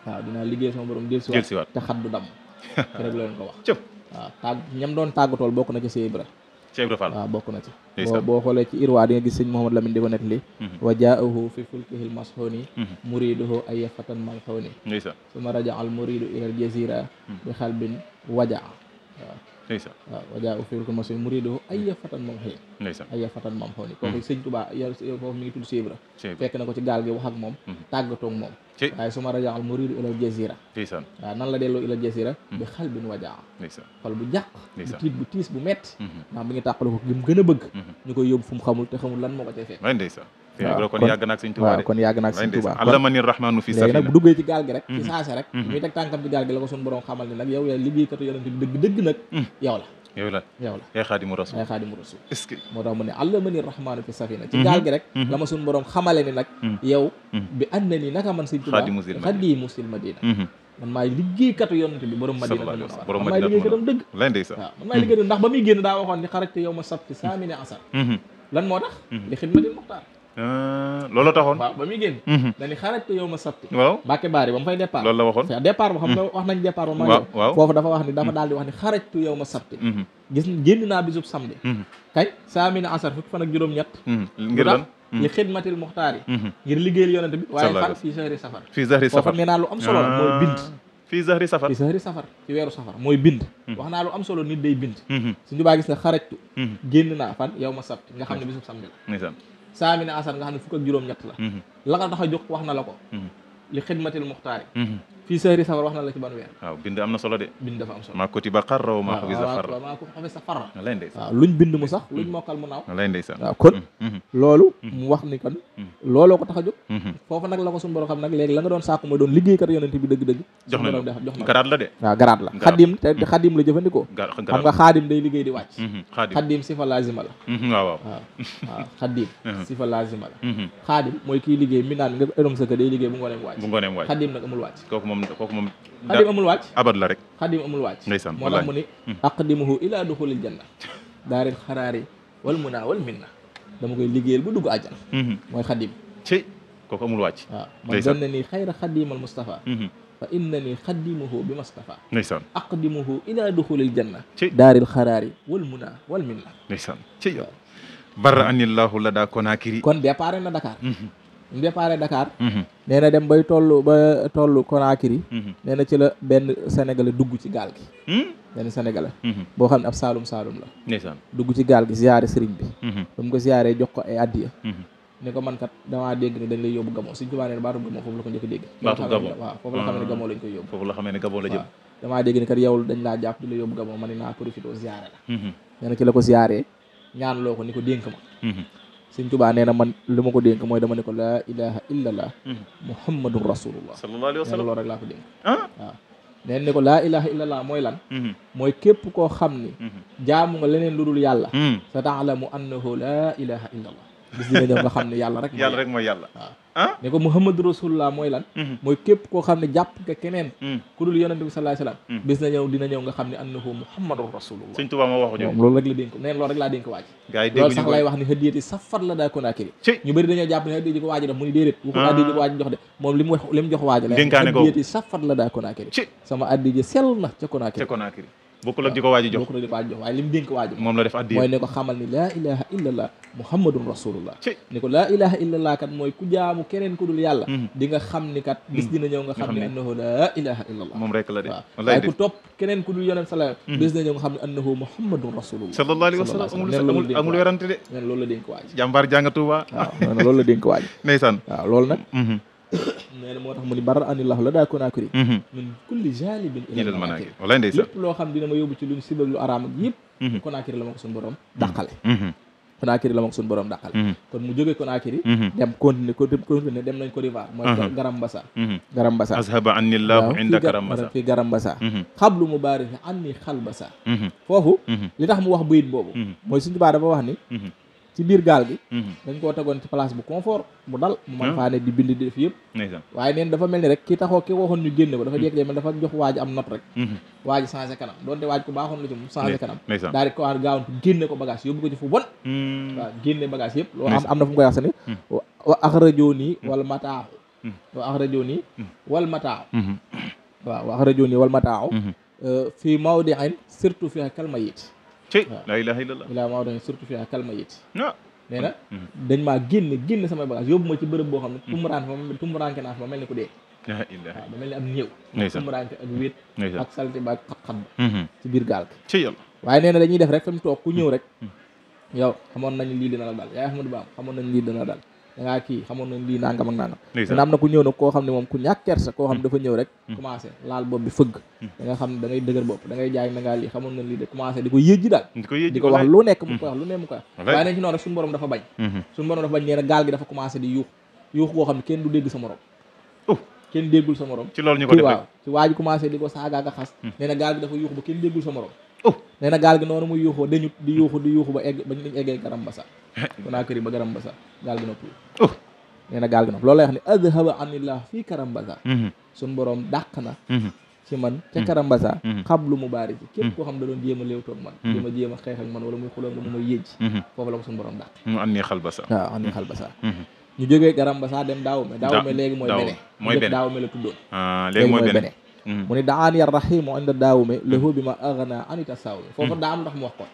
waaw dinaa liggéeyal sama borom dellusiwaat. te xat du damm [laughs] keroog la leen ko wax. waaw tàgg ñam doon tàggatool bokk na ci Seydou Ibra Cheikh Ibra Fall waaw ah, bokk na ci boo xoolee ci irwaa di nga gis sëñ Mouhamad Lamine di ko nett li mhm. wa jaahu fi fulkihil mashuni muriduhu mhm. ay yafatan malxuni suma raja al muridu ilal jazira bi xalbin waja ndeysaan waaw wajaa u fiirko mosi murido ay hmm. ya fatan moom xëy ndeysaan ay ya fatan moom xaw ngi tudd Sibra fekk na ko ci gaal gi wax ak moom hmm. tàggatoog moom waaye suma rajaal murido ilal jazira ndeysaan waaw nan la delloo ilal jazira hmm. bi xal bin wajaa ndeysaan xol bu jàq bu tiit bu tiis bu metti ndax bi ngi tàqale ko gi gën a bëgg ñu koy yóbbu fu mu xamul te xamul lan moo ko cay fekk ndeysaan waaw kon yàgg naag sëñ Tuubaa waaw kon yàgg naag sëñ Tuubaa allamani rahmanu fi safina léegi nag bu duggee ci gaal gi rek ci mhm. saase rek muy mhm. teg tànkam ci gaal gi la ko suñu borom xamal ni nag yow yaa liggéeykatu yonente bi dëgg dëgg nag mhm. yow la yow la yow la yaay xaadimu rasul yaay xaadimu rasul est-ce que moo tax mu ne allamani rahmanu fi safina ci gaal gi rek la ma suñu borom xamale ni nag yow bi ànd na ni naka man sëñ Tuubaa xaadimu sil madina man maay liggéeykatu yonent bi borom madina borom madina man maay liggéeykatam dëgg lay ndey sax waaw man maay liggéey ndax ba muy génn daa waxoon ni xarajte yow ma sabti saamine asar lan moo tax li xidmatil muxtaar Euh, loolu taxoon waaw ba muy génn mhm. dañu xarajtu yow ma sabti waaw Mbàkke Baari ba mu fay départ loolu la waxoon départ boo xam ne mhm. wax nañ départ ba ma waaw foofu dafa wax ni mhm. daal di wax ni xarajtu yow ma sabti naa bisub samedi kañ saa mi na asar fukki fan ak juróom ñett ngir lan li xidmatil muxtaar yi ngir liggéeyal yonente bi waaye fan fii sahri safar fii sahri safar foofu naa lu am solo mooy ah. bind fii sahri safar fii sahri safar ci weeru safar mooy bind wax naa lu am solo nit day bind suñu baa gis ne xarajtu génn naa fan yow ma sabti nga xam ne bisub samedi la saamina asan nga xam ne fukk ak juróom-ñett la mhm. la nga tax a jóg wax na la ko mhm. li xidmatil muxtaari mhm. fii sahri safar wax na la ci ban weer waaw bind am na solo de bind dafa am solo maa kutiba xarra a maa xubisa farra maa ko xubisa farra lay ndeysaan waaw luñ bind mu sax mm-hmm. luñ mokkal mu naaw lay ndeysaan waaw kon mm-hmm. Mm-hmm. loolu mu wax ni kon looloo ko tax a jóg foofu nag la ko suñu xam nag la nga doon sàkku mooy doon liggéeykat yonent bi dëgg-dëgg jox na jox garaat la de waaw garaat la xadim la jëfandikoo xam nga xaadim day liggéey laazima la waaw [laughs] mooy kii liggéey mi naan nga day liggéey bu ngooneem moom kooku moom xadim amul wàcc abad la rek xadim amul wàcc ndeysaan moo tax mu ni aqdimuhu ila duxulil janna daaril xaraari wal muna wal minna dama koy liggéeyal bu dugg àjjana mhm. mooy xadim ci kooku amul wàcc waaw man doon na ni xayra xadimal Mustafa mhm. fa innani xadimuhu bi Mustafa ndeysaan aqdimuhu ila duxulil janna ci daaril xaraari wal muna wal minna ndeysaan ci yow barra anillahu la daa konaakiri kon départ na Dakar mhm. mu départ Dakar. Mhm. nee na dem bay toll ba toll Conakry. Mhm. nee na ci la benn sénégalais dugg ci gaal gi. Hmm? benn sénégalais. Mhm. boo xam ne ab saalum saalum la. ndeysaan dugg ci gaal gi ziare sëriñ bi. ba ko ziaree jox ko ay addiya. ne ko man kat damaa dégg ne dañ lay yóbbu Gabon suñu tubaab nee na baatu Gabon foofu la ko njëkk a dégg. baatu Gabon waaw foofu la xamee ne Gabon lañ koy yóbbu. foofu la xamee damaa dégg ne kat yow dañ laa jàpp di la yóbbu Gabon ma ne naa profité ziare la. nee la ko ziaree ñaan loo ko ni ko dénk sëñ Tuubaa nee na man li ma ko dénk mooy dama ne ko laa ilaha illallah hmm. muhammadun rasulullah sallallahu alayhi wa sallam loolu rek laa ko dénk ah? waaw neen ni ko laa ilaha illallah mooy lan hmm. mooy képp koo xam ni hmm. jaamu nga leneen lu dul yàlla sa taalamu annahu laa ilaha illallah bis dina dem nga xam ne yàlla rek yàlla rek mooy yàlla ah? ne ko Muhammadu Rasulullah mooy lan mm-hmm. mooy képp koo xam ne jàpp nga keneen mm. ku dul yonente bi sallallahu mm. nga xam ne annahu Muhammadu Rasulullah Sëñ Tuubaa moo waxu ñoom lay wax ni hëdiyati safar la daa konaakiri ah. moom li mu wax li mu jox sama addi ji na ca konaakiri bokkul ak di ko waaji jox bokkul ak di ko waaji jox waaye li mu dénk waaji moom la def addiya mooy ne ko xamal ni laa ilaha illallah muhammadun rasulullah ni ku jaamu keneen ku dul yàlla mm-hmm. di nga xam ni kat mm-hmm. bis dina ñëw nga xam ne annahu la de waaye ku topp keneen ku dul yonent salaam mm-hmm. bis dina ñëw nga xam ne annahu muhammadun rasulullah sallallahu alayhi wa sallam amul amul werante de loolu la dénk waaji jàmbaar jànga Tuuba la [laughs] dénk waaji ndeysaan waaw loolu nag moo tax mu ni baral anillahu la daa konaakuri mhm. min kulli jalibin ilal manaakir walaay ndeysaan ma yóbbu ci luñ sibag lu araam ak yëpp mhm. mhm. konaakiri la ma ko suñu borom dàqale Conakry la moom suñu borom dàqal kon mu jóge Conakry dem continuer continuer dem nañ Côte d'Ivoire mooy Garambassa Garambassa azhaba anni llahu inda Garambassa fii Garambassa xablu mu baari anni xalbasa foofu li tax mu wax bayit boobu mooy suñu baa dafa wax ni ci biir gaal gi mhm. dañ koo tegoon ci place bu confort bu dal mu mën ah. faa ne di bind di def yëpp waaye neen dafa mel ni rek ki taxoo ki waxoon ñu génne ko dafa jekk man dafa jox waaj am not rek mhm. waaj changé kanam doonte waaj ko baaxoon la ci mu ko war gaawantu génne ko bagage yóbbu ko ci fu bon mm. waaw génne bagage yëpp loolu am am na fu mu koy wax sa ni mm. wa ax rajo nii wala mataaxu mm. wal mataaxu mm-hmm. waaw wa ax rajo nii wal mataaxu fii mawdi ayn surtout fi kalma yit ci la ilaha illallah ilaa maaw dane surtout fii kalma yiti waaw ah. nee na mm-hmm. dañ maa génn génn samay bagage yóbbu ma ci bërëb boo xam ne mm-hmm. tumuraanke ma tumuraanke naa fa ma mel ni ku dee waaw da mel ni am néew tumuraanke ak wéet ak salte ba ak xat-xat ba mm-hmm. ci biir gaal gi ci yàlla waaye nee na dañuy def rek fa mu toog ku ñëw rek yow xamoon nañ lii dina la daal yaay Ahmadou Bamba xamoon nañ lii dina la daal da ngaa kii xamoon nañ lii nangam ak nangam mais am na ku ñëw nag koo xam ne moom ku ñàkk kersa koo xam ne mm. dafa ñëw rek mm. commencé laal bopp bi fëgg mm. da xam ne dëgër bopp da jaay na lii xamoon nañ lii de ko yëj daal di ko wax lu nekk mu koy wax lu waaye nañ ci noonu rek suñu borom dafa bañ mm-hmm. suñu borom dafa bañ nee gaal gi dafa commencé di yuux yuux koo xam ne kenn du dégg sa morom oh. kenn déggul sa morom ci loolu ñu ko def waaw Oh. nee na gaal gi noonu muy yuuxoo dañu di yuuxu di yuuxu ba egg ba ñu eggee garam Garambasa Conakry [laughs] ba Garambasa gaal gi noppi oh. nee na gaal gi nopp loolu lay wax ne adhaba anillah fii Garambasa mm-hmm. suñ borom dàq na mm-hmm. ci man ca mm-hmm. Garambasa lu mu baari ji képp koo xam da doon jéem a léewtoog man jéem a jéem a xeex ak man wala muy xuloog man mu may yéej foofu la ko suñu borom dàq mu annii xalbasa waaw annii xalbasa ñu jógee Garambasa dem Daawume Daawume léegi mooy bene Daawume la Mhm. mu ne daani yar rahimu inda daawume mhm. lahu bi ma agana anita saawume foofa mhm. daa am ndax mu wax ko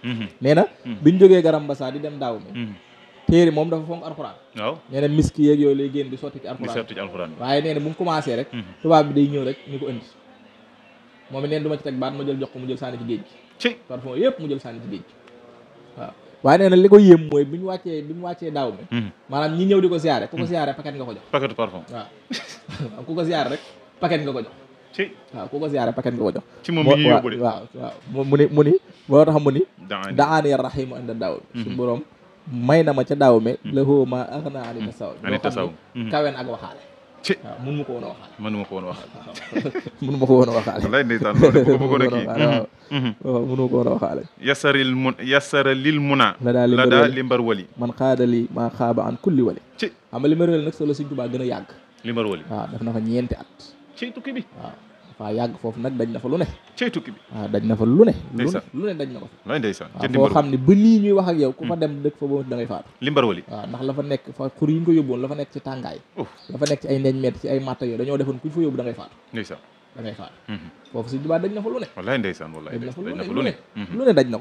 nee na biñ jógee garam basa di dem daawume téere moom dafa fonk alxuraan waaw nee na miski yeeg yooyu lay génn di sotti ci alxuraan waaye nee na bu mu commencé rek tubaab bi day ñëw rek ñu ko indi moom it neen du ma ci teg baat ma jox ko mu jël sànni ci géej gi parfum yëpp mu jël sànni ci géej na li ko yéem mooy bi ñu wàccee bi ñu wàccee daaw mi maanaam ñi ñëw di ko siyaare ku ko siyaare paquet nga ko jox paquetu parfum waaw [laughs] ku ko siyaare rek paquet nga ko jox ci waaw ku ko ziyaare paquet nga ko jox. ci moom yi yóbbu de waaw mu ni mu ni moo tax mu ni. daani rahimu inda daaw. Mhm. suñu borom may na ma ca daaw me. Mhm. la xoo ma mhm. ak naa ani tasaw. ani tasaw ma ko woon a waxaale. mën ma ko woon a waxaale. mun ma ko woon a waxaale. wallaahi ndeysaan loolu a ma ko woon a waxaale. yasaril mun yasaralil muna. la daal xaaba an kulli wali. ci xam limbar wali nag solo suñ tubaab gën a yàgg. limbar wali na cey tukki bi waaw ah, faa yàgg foofu nag dañ na fa lu ne ah, dañ na fa lu ne lu ne lu ne na ko fa lay ndeysaan waaw ah, foo xam wax ak yow ku fa hmm. dem dëkk da ngay faatu limbar wali ndax la nekk fa xur ñu ko yóbboon la nekk ci tàngaay la fa nekk ci ay neñ meet dañoo defoon ku fa yóbbu da ngay faatu ndeysaan da ngay faat hmm. foofu suñ dubaa dañ na fa na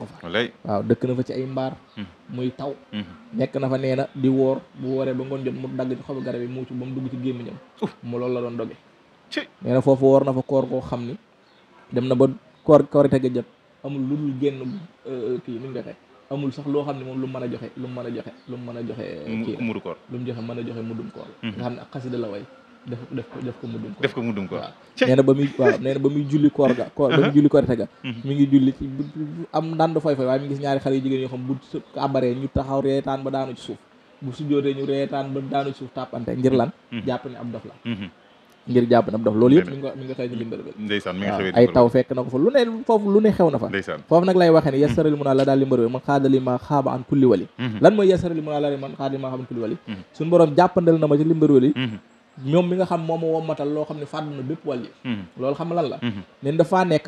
ko fa wallaay waaw dëkk ci ay mbaar hmm. muy taw nekk na fa nee na di woor bu wooree ba ngoon jot mu dagg ci xobu garab yi muucu ba mu dugg ci gémmiñam mu loolu la doon doge nee foofu war na fa koor koo xam ni dem na ba koor koorite ga jot amul lu dul génn euh, kii nuñ defee amul sax loo xam ne moom lu mu mën lu mu a joxe lu mën a joxe kii mudu koor lu mu joxe mën a joxe mudum koor mhm. nga xam ne ak xasida la ko def ko muddum ko def ko muddum ko ba muy julli koor ga koor ba muy mhm. julli koor ga mhm. mi ngi julli ci am ndànd fay fay waaye mi ngi gis ñaari xale yu jigéen yoo xam bu abaree ñu taxaw reetaan ba daanu ci suuf bu su ñu reetaan ba daanu ci suuf tàppante ngir lan jàpp ne ab dof la ngir jàpp na dof loolu yëpp mi nga mi nga xëy ñu bindal mi nga xëy ay taw fekk na ko fa lu ne foofu lu ne xew na fa foofu nag lay waxee ne yasaral mun a la daal li man xaadali ma xaaba an kulli wali mhm. lan mooy a mhm. jàppandal na ma ci li mbër mhm. mi nga xam moom wommatal loo xam ne fàdd na bépp wàll loolu xam lan la nen dafaa nekk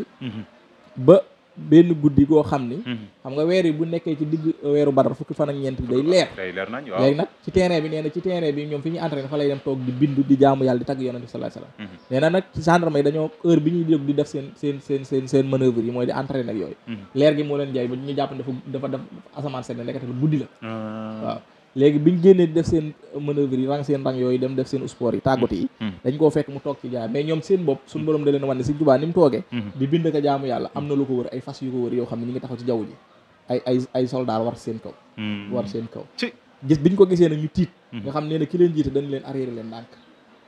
ba benn guddi koo xam ni. Mhm. xam nga weer yi bu nekkee ci digg weeru badar fukki fan ak ñeent bi day leer. day leer nañ waaw léegi nag ci terrain bi neena ci terrain bi ñoom fi ñuy entraîné fa lay dem toog di bindu di jaamu yàlla di tagg yonent bi sallallahu alayhi wasallam. Mhm. nag ci gendarme yi dañoo heure bi ñuy jóg di def seen seen seen seen seen manœuvre yi mooy di entraîné ak yooyu. Mhm. leer gi moo leen jaay ba ñu jàpp ne dafa dafa def asamaan seen ne guddi la ah. léegi biñ génnee def seen euh, manœuvre yi rang seen rang yooyu dem def seen sport yi tàggat yi hmm. dañ koo fekk mu toog ci jaay mais ñoom seen bopp suñu hmm. borom da leen wan ne Sëñ Tuubaa ni mu toogee hmm. di bind ka jaamu yàlla am na lu ko wër ay fas yu ko wër yoo xam ne war seen kaw war seen kaw ko gisee nag ñu tiit nga xam ne na ki leen jiite dañ leen arrière leen ndànk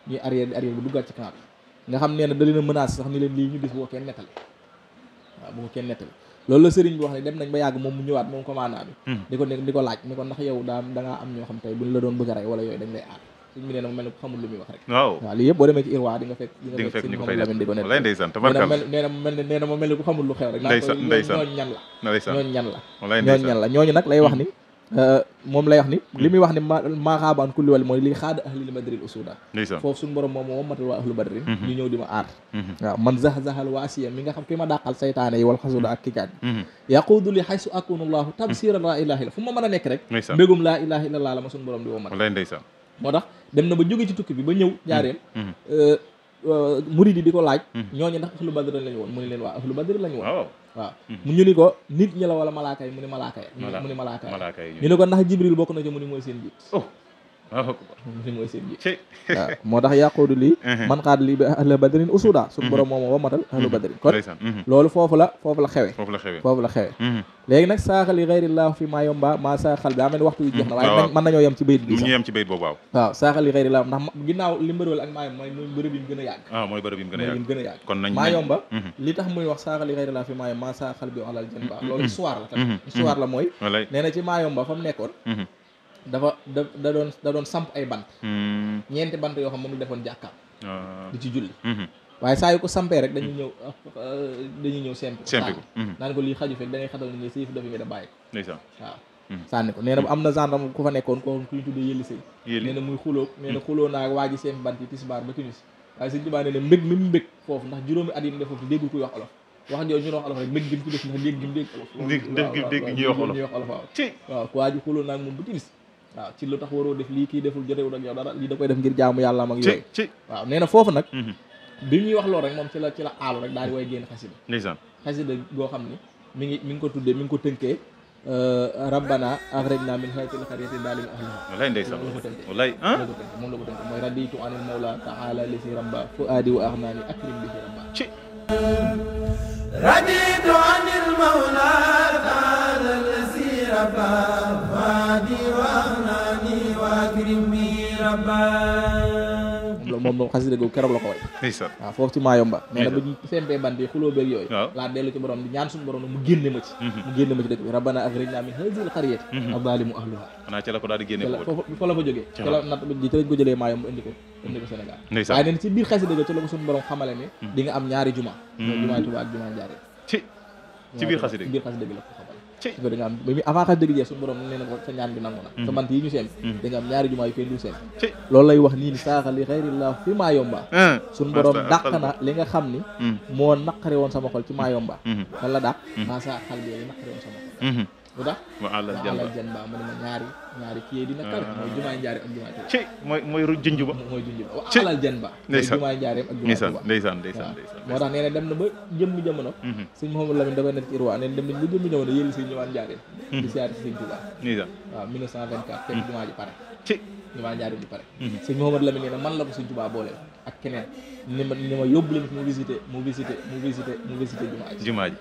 ñuy arrière di bu duggaat ci kanam nga xam nee na da leen a sax ni leen lii ñu gis boo kenn nettali waaw bu ko kenn nettali loolu la sëriñ bi wax ne dem nañ ba yàgg moom mu ñëwaat moom commandant bi hmm. di ko laaj ni ko ndax yow daa am ñoo xam tey buñ la doon bëgg a rey na mu rek waaw lii yëpp boo demee ci irwa di fekk di fekk Lamine ko nekk ndeysaan tabarkal nee mel ne nee mel ne ku xamul lu xew rek naan ko ñooñ ñan la ñooñ ñan la ñooñu nag lay wax ni hmm. Euh, moom lay wax ni li muy wax ni maaxaaba an kulli wal mooy li xaada ahlil badril usuda foofu suñu borom moom moom matal waa ahlu badri mhm. ñu ñëw di ma aar mhm. waaw man zahzahal waasiya mi nga xam ki ma dàqal saytaane yi wal xasuda ak kikaaj mhm. yaquudu li xaysu akunu allahu tabsiran laa fu ma mën a nekk rek mbégum laa ilaha illa allah la ma suñu borom di womat ndeysaan moo tax dem na ba jóge ci tukki bi ba ñëw jaareem euh, euh, murid yi di ko laaj ñooñu ndax ahlu mu ne leen waa ahlu badri lañu woon waaw mhm. mu ko nit ñi la wala malaaka yi mu ni malaaka yi mu ni malaaka ko ndax jibril bokk na ci mu ni mooy seen jiit oh. waaw [laughs] moo tax yàqoodu lii uh-huh. man xaat lii bi ahla badrin usuda uh-huh. suñu borom moom wa matal ahlu uh-huh. badrin kon loolu foofu la foofu la xewe foofu la xewe foofu la léegi nag saaxali xayrillah fi maa yomba maa saaxal bi daa mel ni waxtu wi jeex na waaye mën nañoo yem ci bayit bi ñu yem ci bayit boobu waaw waaw saaxali xayrillah ndax ginnaaw li mbërool ak maa mooy bërëb yi mu gën a yàgg waaw ah, mooy bërëb yi mu gën a yàgg gën a yàgg kon nañ maa yomba li tax muy wax saaxali xayrillah fi maa yomba maa saaxal bi alal jën ba loolu histoire dafa da da doon da doon samp ay bant hmm. ñeenti bant yoo xam moom la defoon jàkkaam ah. di ci julli mhm. waaye saa yu ko sampee rek dañuy hmm. ñëw euh, dañuy ñëw sempi sempi ko mhm. naan ko lii xaju fekk dangay xatal ni sa yëf dafa mi da bàyyi ko waaw mhm. sànni ko nee na am ko ku ñu tuddee na muy xuloo nee xuloo naag waa ji bant yi tisbaar ba timis waaye sëñ Tuubaa nee na mbég foofu ndax juróomi at yi foofu dégg kuy wax olof waaw ku waa xuloo naag moom ba timis waaw ci lu tax waroo def lii kii deful jotewul ak yow da koy def ngir jaamu yàlla mag yooyu ci waaw nee foofu nag mhm. bi ñuy wax rek moom ci la ci rek daal way génn xasida goo xam ne mi ngi mi ngi ko tuddee mi ngi ko tënkee euh, rabbana axrajna min haazihil qaryati zaalimi ahluhaa wallaay ndeysaan moom la ko tënkee wallaay ah? la ko tënkee moom la ko tënkee mooy raditu anil mawla taala lisi rabba fuaadi wa axnaani akrim bihi rabba ci raditu anil mawla taala ربا فادي وأغناني وأكرمني ربا moom moom xasida googu keroog la ko way waaw ah, foofu ci Maayomba nee na ba ñu sempee bandi xuloo beeg yooyu laa dellu ci borom di ñaan suñu borom mu génne ma ci mhm. mu génne ma ci mhm. la ko daal di xamale ne di am ñaari jumaa jumaa Njaare ci biir xasida biir xasida gi la su ko da nga am ba mu avant xas dëgg suñu borom nee na ko sa ñaan bi nangu na mm-hmm. sa mant yi ñu seen mm-hmm. da am ñaari jumaa yu kenn du seen loolu lay wax nii ni saaxa li xayrillah fi maa yomba ah. suñu borom dàq na li nga xam ni mm-hmm. moo naqare woon sama xol ci maa yomba kan la dàq maa saa xal bi naqare woon sama xol lu tax mu àllal jën ma ñaari ñaari kii yee dina kar mooy jumaay njaari ak jumaay mooy mooy junj ba mooy junj ba ba mooy jumaay njaari ak jumaay tuba ndeysaan moo tax nee dem na ba jëmm jamono mhm. sëñ Mouhamadou Lamine dafay nekk ci Irwa nee na dem nañ ba jëmm jamono yéeli mhm. sëñ ñëwaat njaari di siyaar ci sëñ tuba ndeysaan waaw 1924 fekk mhm. jumaa na man la ko sëñ tuba ak keneen ni ma ni ma yóbbu leen mu visité mu visité mu visité mu visité jumaa ji jumaa ji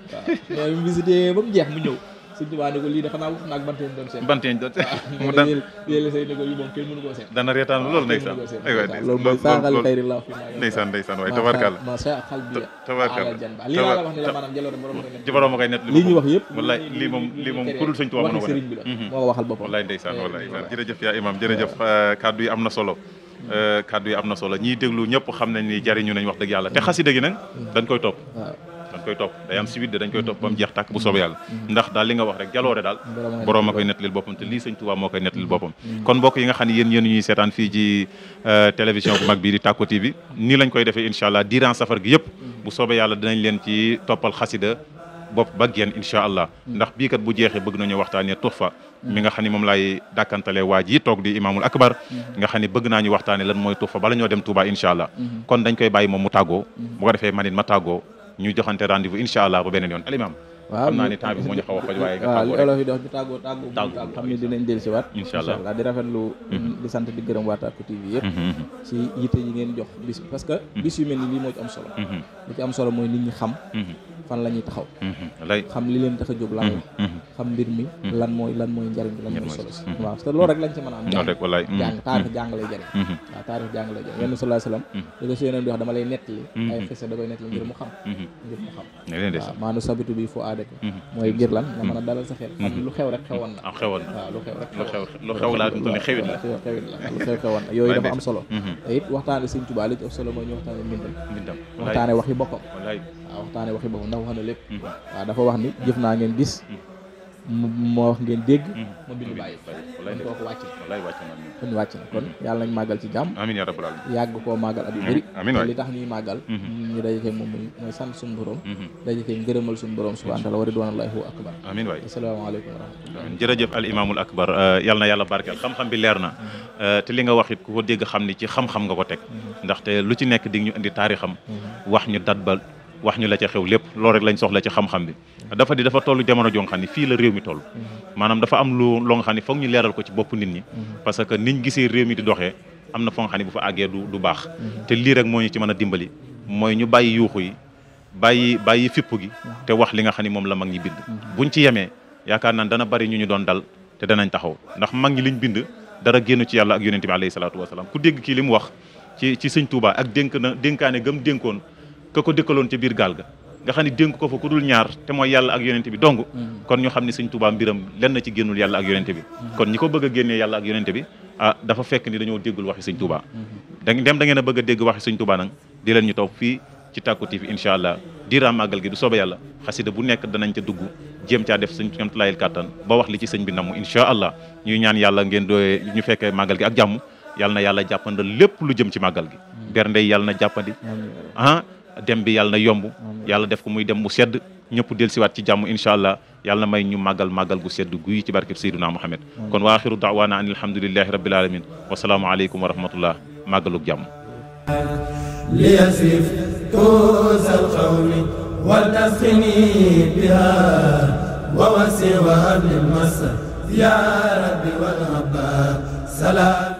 waaw mu visité ba mu jeex mu ñëw Sëñ Tuubaa ne ko lii de xanaa wut naag banteen doon seet banteen doon seet mu daan yéele say ne ko yu moom kenn mënu koo dana reetaan loolu ndeysaan loolu mooy saaxal xayri laa fi ndeysaan ndeysaan waaye tabarkalla ma sa xal bi wax ne la lii moom lii moom ku dul Sëñ Tuubaa mën a sëriñ bi la mhm. moo euh, am na solo euh, kaddu yi am na solo ñiy déglu ñëpp xam nañ ni jariñu nañ wax dëgg yàlla te xasida gi nag mhm. dañ koy topp koy topp day am suite de dañ koy topp ba bu soobee mm-hmm. ndax daal li nga wax rek jaloore daal mm-hmm. borom a koy nettalil boppam te lii sëñ Tuubaa moo koy nettalil mm-hmm. boppam kon mbokk yi nga xam ne yéen yéen ñuy seetaan fii ci euh, bu mag bii di Tacko TV nii lañ koy defee incha allah diiran safar gi yëpp bu soobee yàlla dinañ leen ci toppal xasida bopp ba génn incha allah ndax bii kat bu jeexee bëgg nañu waxtaanee tuxfa mi nga xam ne moom laay dàkkantalee waa ji toog di imaamul akbar nga xam ne bëgg naa ñu waxtaanee lan mooy tuxfa bala ñoo dem Touba incha allah kon dañ koy bàyyi moom mu tàggoo bu ko defee manit ma ñu joxante rendez-vous incha allah ba beneen yoon alimaam waaw xam naa ne temps bi moo ñu a xoj waaye nga tàggoo rek waaw yi dox bi tàggoo tàggoo tàggoo xam ne dinañ di rafetlu mhm. di gërëm waat Tacko TV yëpp mhm, mhm. si yitte yi ngeen jox bis parce que bis yu mel ni lii moo ci am solo mooy nit ñi xam fan la ñuy taxaw. Mhm. xam li leen tax a jóg lan la. Mhm. Mhm. xam mbir mi lan mooy lan mooy waaw a taarix jàng lay jëriñ. waaw taarix jàng lay jëriñ yenn sallallahu wax dama lay nettali. ay xese da koy nettali ngir mu xam. ngir mu xam. waaw sabitu bi foo aade ko. mooy ngir lan nga mën a dalal sa xel. xam lu xew rek xewoon na. lu xew laa tudd la. xewit la lu xew xewoon na yooyu dafa am solo. te it waxtaane Sëñ Tuubaa li am solo mooy ñu waxtaane mbindam. waxtaane waxi boppam. waaw ndaw wax na lépp mhm. waaw dafa wax ni jëf naa ngeen gis moo mhm. wax ngeen dégg ma mhm. bind bàyyi kon kooku wàcc na kon wàcc na kon yàlla nañ màggal ci jàmm amiin yaa rabbal aalamiin yàgg koo màggal at yu bëri li tax ñuy màggal ñu dajatee moom mooy sant suñu borom dajatee ngërëmal suñu borom subhaanahu wa taala wa ridwaanallaahi akbar amiin waay asalaamaaleykum wa rahmatullaah jërëjëf al imaamul akbar euh, yàlla barkeel xam-xam bi leer na euh, te li nga wax it ko dégg xam ni ci xam-xam nga ko teg ndaxte lu ci nekk di ñu indi taarixam wax ñu dat ba wax ñu la ca xew lépp loolu rek lañ soxla ci xam-xam bi mm-hmm. dafa di dafa toll jamono joo nga xam ne fii la réew mi toll mm-hmm. maanaam dafa am lu loo nga ne foog ñu leeral ko ci bopp nit ñi mm-hmm. parce que niñ gisee réew mi di doxee am na foo nga xam ne bu fa àggee du du baax te lii rek moo ñu ci mën a dimbali mooy ñu bàyyi yuuxu yi bàyyi bàyyi fipp gi te wax li nga xam ni moom la mag ñi bind bu buñ ci yemee yaakaar naan dana bari ñu ñu doon dal te danañ taxaw ndax mag ñi liñ bind dara génn ci yàlla ak yonente bi alayhi salaatu wasalaam ku dégg kii li mu wax ci ci sëñ Tuubaa ak dénk na dénkaane gëm dénkoon ka ko dëkkaloon ca biir gaal ga nga xam ne dénk ko fa ku dul ñaar te mooy yàlla ak yonente bi dong mm-hmm. kon ñu xam ne sëñ Tuubaa mbiram lenn ci génnul yàlla ak yonente bi mm-hmm. kon ñi ko bëgg a génnee yàlla ak yonente bi ah dafa fekk ni dañoo déggul waxi sëñ Tuubaa mm-hmm. da dem da ngeen a bëgg a dégg waxi sëñ Tuubaa nag di leen ñu toog fii ci Tacko TV incha allah diiraa màggal gi du sooba yàlla xasida bu nekk danañ ca dugg jéem caa def sëñ kamtulayil kàttan ba wax li ci sëñ bi namu incha allah ñuy ñaan yàlla ngeen dooyee ñu fekkee màggal gi ak jàmm yàlla na yàlla jàppandal lépp lu jëm ci màggal gi bernde yàlla na jàppandi ah dem bi yàlla na yomb yàlla def ko muy dem mu sedd ñëpp dellusiwaat ci jàmm incha allah yàlla may ñu màggal màggal gu sedd guy ci barkeb sayduna muhammad kon wa axiru daawaana an alhamdulillahi rabbil alamin wasalaamu aleykum wa rahmatullah màggalug jàmm ليصرف كوز القوم والتسقني بها ووسع من مصر يا ربي والغبار